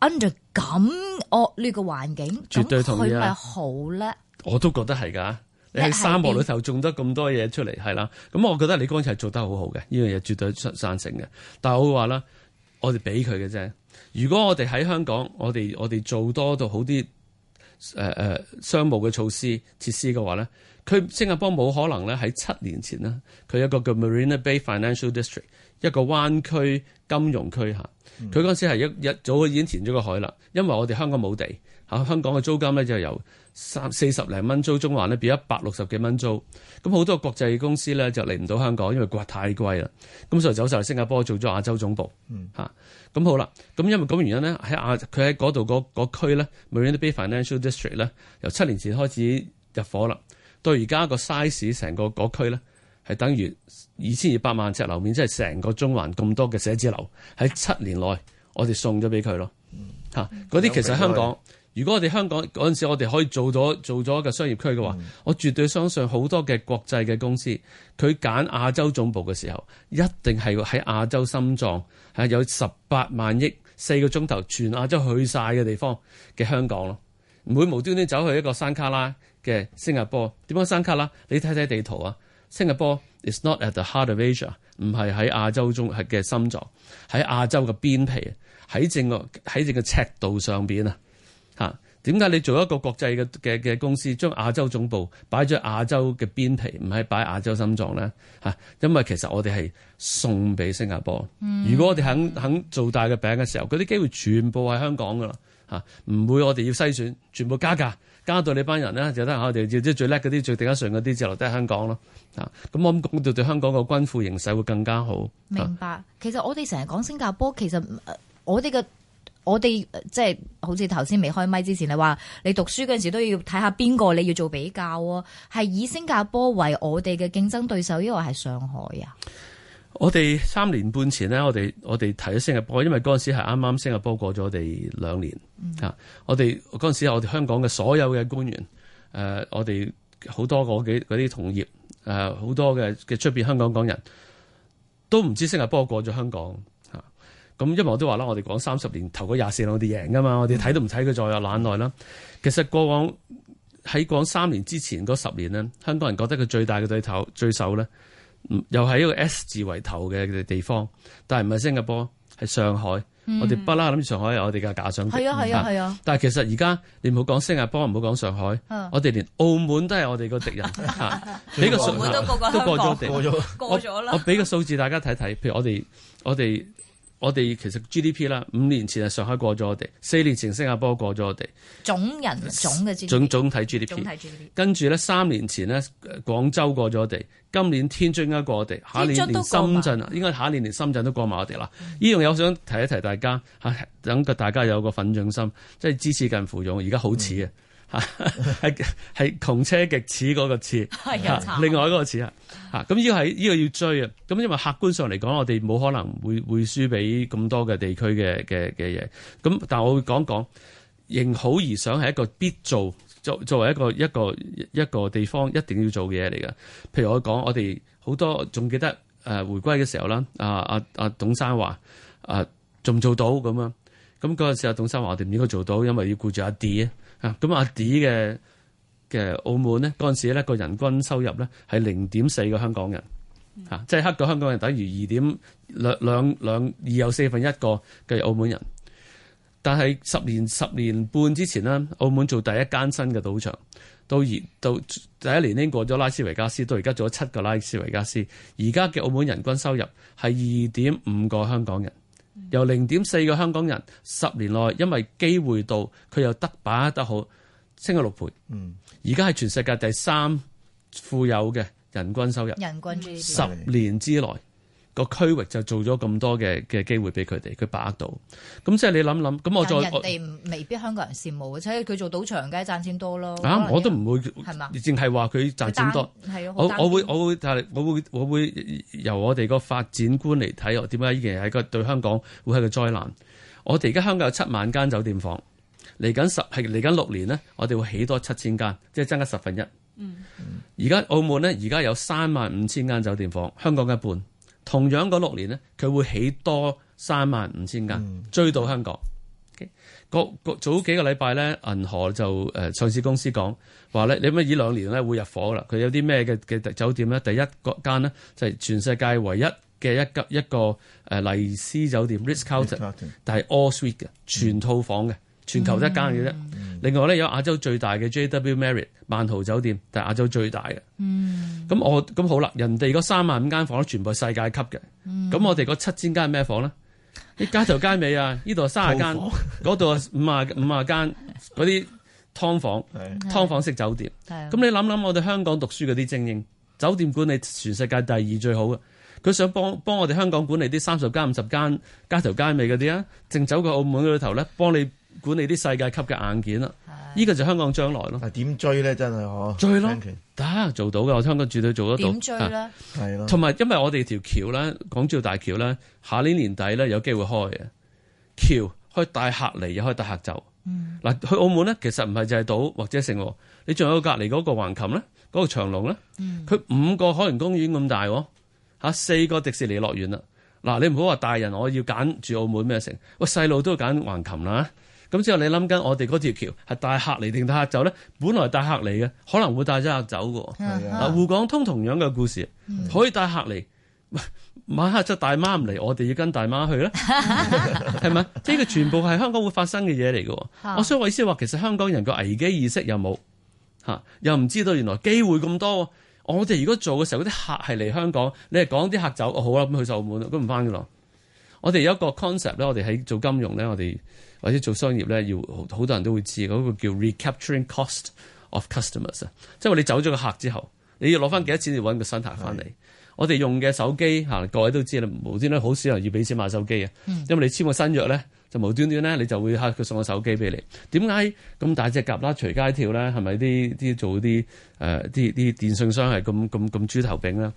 ？under 咁惡劣嘅環境，絕對同佢咪、啊、好叻。
我都覺得係㗎。你喺沙漠裏頭種得咁多嘢出嚟，係啦，咁、嗯、我覺得你剛才係做得好好嘅，呢樣嘢絕對贊成嘅。但係我會話啦，我哋俾佢嘅啫。如果我哋喺香港，我哋我哋做多到好啲誒誒商務嘅措施設施嘅話咧，佢新加坡冇可能咧。喺七年前呢，佢一個叫 Marina Bay Financial District，一個灣區金融區吓，佢嗰時係一一早已經填咗個海啦，因為我哋香港冇地吓，香港嘅租金咧就由三四十零蚊租中環咧，變一百六十幾蚊租。咁好多國際公司咧就嚟唔到香港，因為過太貴啦。咁所以走上去新加坡做咗亞洲總部。嚇、嗯，咁、啊、好啦。咁因為咁原因咧，喺亞佢喺嗰度嗰區咧 Marina Bay Financial District 咧，由七年前開始入伙啦。到而家個 size 成個嗰區咧，係等於二千二百萬尺樓面，即係成個中環咁多嘅寫字樓，喺七年內，我哋送咗俾佢咯。嚇、啊，嗰啲其實香港。如果我哋香港嗰陣時，我哋可以做咗做咗一個商業區嘅話，嗯，我絕對相信好多嘅國際嘅公司，佢揀亞洲總部嘅時候，一定係要喺亞洲心臟，係有十八萬億四個鐘頭全亞洲去晒嘅地方嘅香港咯。唔會無端端走去一個山卡拉嘅新加坡。點解山卡拉？你睇睇地圖啊，新加坡 is not at the heart of Asia，唔係喺亞洲中係嘅心臟，喺亞洲嘅邊皮喺正個喺正個赤道上邊啊。嚇點解你做一個國際嘅嘅嘅公司，將亞洲總部擺咗亞洲嘅邊皮，唔係擺亞洲心臟咧嚇？因為其實我哋係送俾新加坡。嗯、如果我哋肯肯做大嘅餅嘅時候，嗰啲機會全部喺香港噶啦嚇，唔會我哋要篩選，全部加價加到你班人咧，就得我哋即係最叻嗰啲、最頂得順嗰啲，就留低喺香港咯嚇。咁我諗就對香港個軍富形勢會更加好。明白。啊、
其實我哋成日講新加坡，其實我哋嘅。我哋即係好似頭先未開麥之前，你話你讀書嗰陣時都要睇下邊個你要做比較，係以新加坡為我哋嘅競爭對手，抑或係上海啊？
我哋三年半前呢，我哋我哋提咗新加坡，因為嗰陣時係啱啱新加坡過咗我哋兩年、嗯、啊！我哋嗰陣時我哋香港嘅所有嘅官員，誒、呃，我哋好多個嗰啲同業，誒、呃，好多嘅嘅出邊香港港人都唔知新加坡過咗香港。咁因為我都話啦，我哋講三十年頭嗰廿四我哋贏噶嘛，我哋睇都唔睇佢再有懶耐啦。其實過往喺講三年之前嗰十年呢，香港人覺得佢最大嘅對頭、最首呢，又係一個 S 字為頭嘅地方，但係唔係新加坡，係上海。我哋不嬲諗住上海係我哋嘅假想敵。係啊係啊係啊！但係其實而家你唔好講新加坡，唔好講上海，我哋連澳門都係我哋個敵人。我俾個數字大家睇睇，譬如我哋我哋。我哋其實 GDP 啦，五年前係上海過咗我哋，四年前新加坡過咗我哋，
總人總嘅總
總體 GDP，總體 GDP。跟住咧，三年前咧，廣州過咗我哋，今年天津應該過我哋，下年連深圳應該下一年連深圳都過埋我哋啦。呢樣嘢、嗯、我想提一提大家，嚇等個大家有個奮進心，即係支持近乎勇，而家好似啊。嗯係係窮奢極侈嗰個詞，係 人差 另外嗰個詞 啊，吓咁呢個係呢、呢個要追啊。咁因為客觀上嚟講，我哋冇可能會會輸俾咁多嘅地區嘅嘅嘅嘢。咁但係我會講講，迎好而想係一個必做作作為一個一個一個地方一定要做嘅嘢嚟嘅。譬如我講，我哋好多仲記得誒回歸嘅時候啦，阿阿阿董生話誒仲做到咁啊。咁嗰陣時阿董生話我哋唔應該做到，因為要顧住阿 D 啊。啊！咁阿迪嘅嘅澳門咧，嗰陣時咧個人均收入咧係零點四個香港人，嚇、嗯，即係一個香港人等於二點兩兩兩二又四分一個嘅澳門人。但係十年十年半之前咧，澳門做第一間新嘅賭場，到而到第一年已經過咗拉斯維加斯，到而家做咗七個拉斯維加斯。而家嘅澳門人均收入係二點五個香港人。由零點四個香港人，十年內，因為機會到佢又得，把握得好，升咗六倍。
嗯，
而家係全世界第三富有嘅人均收入，
人均十
年之內。個區域就做咗咁多嘅嘅機會俾佢哋，佢把握到咁。即係你諗諗咁，我再人哋
未必香港人羨慕嘅，即佢做賭場梗係賺錢多咯。我都
唔會係嘛，淨係話佢賺錢多。
我我會我
會我會我會，我會，我會由我哋個發展觀嚟睇，我點解呢件事係個對香港會係個災難？我哋而家香港有七萬間酒店房，嚟緊十係嚟緊六年呢，我哋會起多七千間，即係增加十分一。而家、嗯、澳門呢，而家有三萬五千間酒店房，香港一半。同樣嗰六年咧，佢會起多三萬五千間，追到香港。個、okay? 早幾個禮拜咧，銀河就誒、呃、上市公司講話咧，你咪以兩年咧會入伙啦。佢有啲咩嘅嘅酒店咧？第一間咧就係全世界唯一嘅一間一個誒麗思酒店 （Ritz c o u n t o n 但係 all suite 嘅全套房嘅，嗯、全球一間嘅啫。另外咧有亞洲最大嘅 JW Marriott 萬豪酒店，係亞洲最大嘅。嗯。咁我咁好啦，人哋嗰三萬五間房都全部係世界級嘅。咁我哋嗰七千間係咩房咧？啲街頭街尾啊，呢度三十間，嗰度五十五十間嗰啲劏房，劏房式酒店。咁你諗諗，我哋香港讀書嗰啲精英，酒店管理全世界第二最好嘅。佢想幫幫我哋香港管理啲三十間、五十間街頭街尾嗰啲啊，淨走過澳門嗰度頭咧幫你。管理啲世界級嘅硬件啦，呢是的 個就香港將來咯。
點追咧？真係嗬，追咯，
得、啊、做到噶。我香港絕對做得到。點追咧？係咯的。同埋的，因為我哋條橋咧，港珠澳大橋咧，下年年底咧有機會開嘅橋，可以帶客嚟，又可以帶客走。嗱、嗯啊，去澳門咧，其實唔係就係島或者城，你仲有隔籬嗰個橫琴咧，嗰、那個長隆咧，佢、嗯、五個海洋公園咁大，吓、啊、四個迪士尼樂園啦。嗱、啊，你唔好話大人我要揀住澳門咩城，我細路都要揀橫琴啦。咁之後你諗緊，我哋嗰條橋係帶客嚟定帶客走咧？本來帶客嚟嘅，可能會帶咗客走嘅。啊的，滬港通同樣嘅故事，的可以帶客嚟，晚黑就大媽唔嚟，我哋要跟大媽，媽去啦，係咪 吧？即係佢全部係香港會發生嘅嘢嚟嘅。的所以我想意思話，其實香港人個危機意識又有冇嚇？又唔知道原來機會咁多。我哋如果做嘅時候，啲客係嚟香港，你係講啲客走，哦，好啦，咁去曬澳門，咁唔翻嘅咯。我哋有一個 concept 咧，我哋喺做金融咧，我哋。或者做商業咧，要好多人都會知嗰，那個叫 recapturing cost of customers 啊，即係話你走咗個客之後，你要攞翻幾多錢要揾個新客翻嚟。我哋用嘅手機嚇，各位都知啦，無端端好少人要俾錢買手機啊，跟 home maker 壞嗯、因為你簽個新約咧，就無端端咧你就會嚇佢送個手機俾你。點解咁大隻蛤乸，隨街跳咧？係咪啲啲做啲誒啲啲電信商係咁咁咁豬頭餅咧？Uh,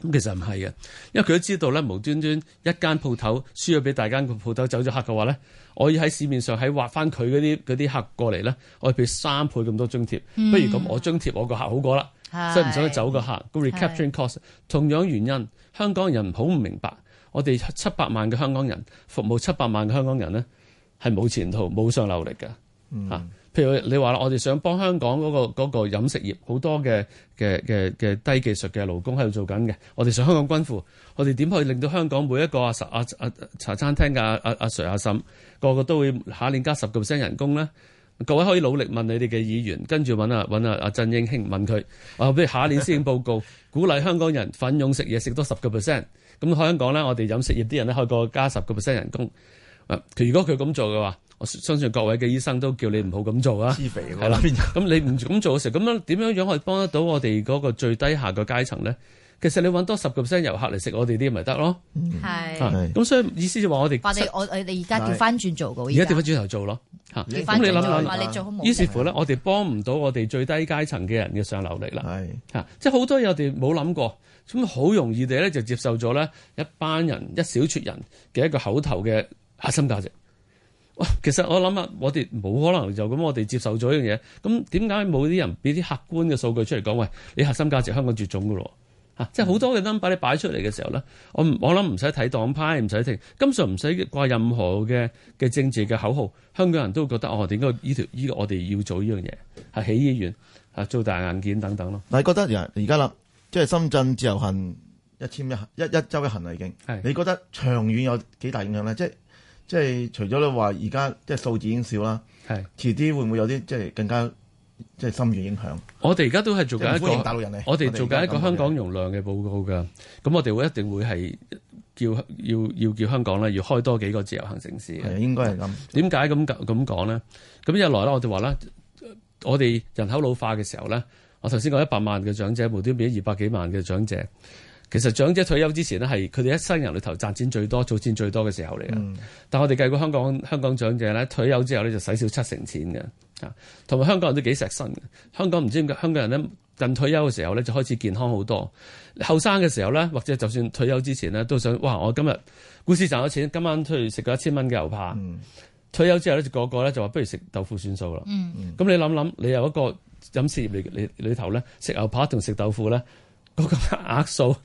咁其實唔係嘅，因為佢都知道咧，無端端一間鋪頭輸咗俾大間個鋪頭走咗客嘅話咧，我要喺市面上喺挖翻佢嗰啲啲客過嚟咧，我要俾三倍咁多津貼，嗯、不如咁我津貼我個客好過啦，
即係唔想佢
走客是個客是。個 recapturing cost 同樣原因，香港人好唔明白，我哋七百萬嘅香港人服務七百萬嘅香港人咧，係冇前途冇上流力嘅嚇。嗯啊譬如你話啦，我哋想幫香港嗰個嗰飲食業好多嘅嘅嘅嘅低技術嘅勞工喺度做緊嘅，我哋想香港均富，我哋點可以令到香港每一個阿十阿茶餐廳嘅阿阿阿 Sir 阿、啊、嬸個個都會下年加十個 percent 人工咧？各位可以努力問你哋嘅議員，跟住揾啊揾啊阿振英興問佢，啊不如下年施政報告 鼓勵香港人奮勇食嘢，食多十個 percent，咁香港咧我哋飲食業啲人咧可以個加十個 percent 人工，啊，如果佢咁做嘅話。我相信各位嘅醫生都叫你唔好咁做啊！肥係啦，咁你唔咁做嘅時候，咁樣點樣樣可以幫得到我哋嗰個最低下嘅階層咧？其實你揾多十個 percent 遊客嚟食我哋啲咪得咯？
係，
咁所以意思就話我哋
我哋而家調翻轉做嘅，而家調翻
轉頭做咯嚇。咁你諗諗，話你做好無視，於是乎咧，我哋幫唔到我哋最低階層嘅人嘅上流嚟啦。係嚇，即係好多嘢我哋冇諗過，咁好容易哋咧就接受咗咧一班人一小撮人嘅一個口頭嘅核心價值。其實我諗啊，我哋冇可能就咁，我哋接受咗依樣嘢。咁點解冇啲人俾啲客觀嘅數據出嚟講？喂，你核心價值香港絕種噶咯？嚇、啊，即係好多嘅 number 你擺出嚟嘅時候咧，我我諗唔使睇黨派，唔使聽，今上唔使掛任何嘅嘅政治嘅口號，香港人都會覺得哦，點解依條依我哋要做依樣嘢係起
醫院、係、啊、做大硬件等等咯。但係，覺得而家啦，即係深圳自由行一簽一一一周一行啦，已經。係的。你覺得長遠有幾大影響咧？即係。即係除咗你話而家即係數字已經少啦，係遲啲會唔會有啲即係更加即係深遠影響？
我哋而家都係做緊一個大陸人嚟，我哋做緊一,一個香港容量嘅報告㗎。咁我哋會一定會係叫要要叫香港咧，要開多幾個自由行城市嘅。係啊，應該係咁。點解咁咁講咧？咁一來咧，我哋話咧，我哋人口老化嘅時候咧，我頭先講一百萬嘅長者，無端變咗二百幾萬嘅長者。其實長者退休之前呢，係佢哋一生人裏頭賺錢最多，儲錢最多嘅時候嚟嘅。嗯、但我哋計過香港香港長者咧，退休之後咧就使少七成錢嘅。啊，同埋香港人都幾錫身嘅。香港唔知點解，香港人咧近退休嘅時候咧就開始健康好多。後生嘅時候咧，或者就算退休之前咧，都想哇，我今日股市賺咗錢，今晚出去食咗一千蚊嘅牛扒。嗯、退休之後咧，個個咧就話不如食豆腐算數啦。咁、嗯嗯、你諗諗，你有一個飲食業裏裏裏頭咧，食牛扒同食豆腐咧，嗰、嗰個額數。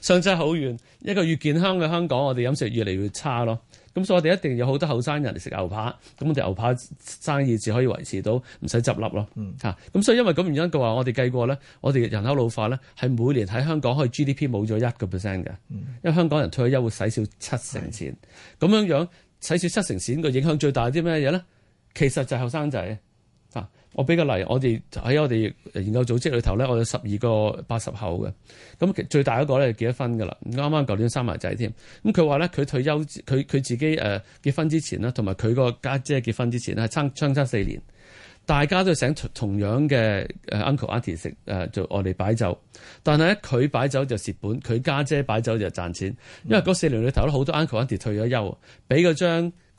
相差好遠，一個越健康嘅香港，我哋飲食越嚟越差咯。咁所以我哋一定要好多後生人嚟食牛扒，咁我哋牛扒生意至可以維持到唔使執笠咯。吓咁、嗯啊，所以因為咁原因嘅話，我哋計過咧，我哋人口老化咧係每年喺香港可以 G D P 冇咗一個 percent 嘅，嗯、因為香港人退休會使少七成錢咁樣是的 樣，使少七成錢個影響最大啲咩嘢咧？其實就係後生仔。我俾個例，我哋喺我哋研究組織裏頭咧，我有十二個八十後嘅，咁最大一個咧就結咗婚噶啦，啱啱舊年生埋仔添。咁佢話咧，佢退休，佢佢自己誒結婚之前啦，同埋佢個家姐結婚之前咧，係相差四年，大家都想同樣嘅誒 uncle auntie 食誒做我哋擺酒，但係咧佢擺酒就蝕本，佢家姐，姐擺酒就賺錢，因為嗰四年裏頭咧好多 uncle auntie 退咗休，俾嗰張。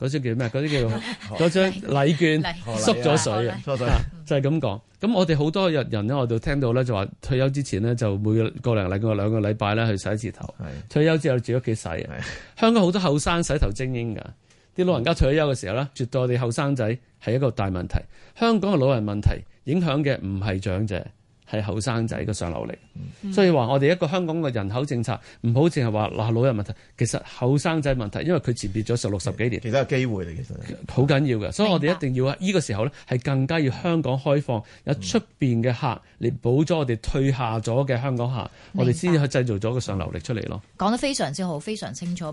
嗰張叫咩？嗰、那、張、個、叫嗰張禮券縮咗禮水啊！就係咁講。咁我哋好多日人咧，我哋聽到咧就話退休之前咧就每個零禮個兩個禮拜咧去洗一次頭。的退休之後住屋企洗。的香港好多後生洗頭精英噶啲老人家退咗休嘅時候咧，絕對我哋後生仔係一個大問題。香港嘅老人問題影響嘅唔係長者。係後生仔嘅上流力，嗯、所以話我哋一個香港嘅人口政策唔好淨係話嗱老人問題，其實後生仔問題，因為佢前別咗十六十幾年，其，其實有機會嚟，其實好緊要嘅，白所以我哋一定要呢個時候咧，係更加要香港開放，有出邊嘅客嚟補咗我哋退下咗嘅香港客，白我哋先至去製造咗個上流力出嚟咯。
講得非常之好，非常清楚。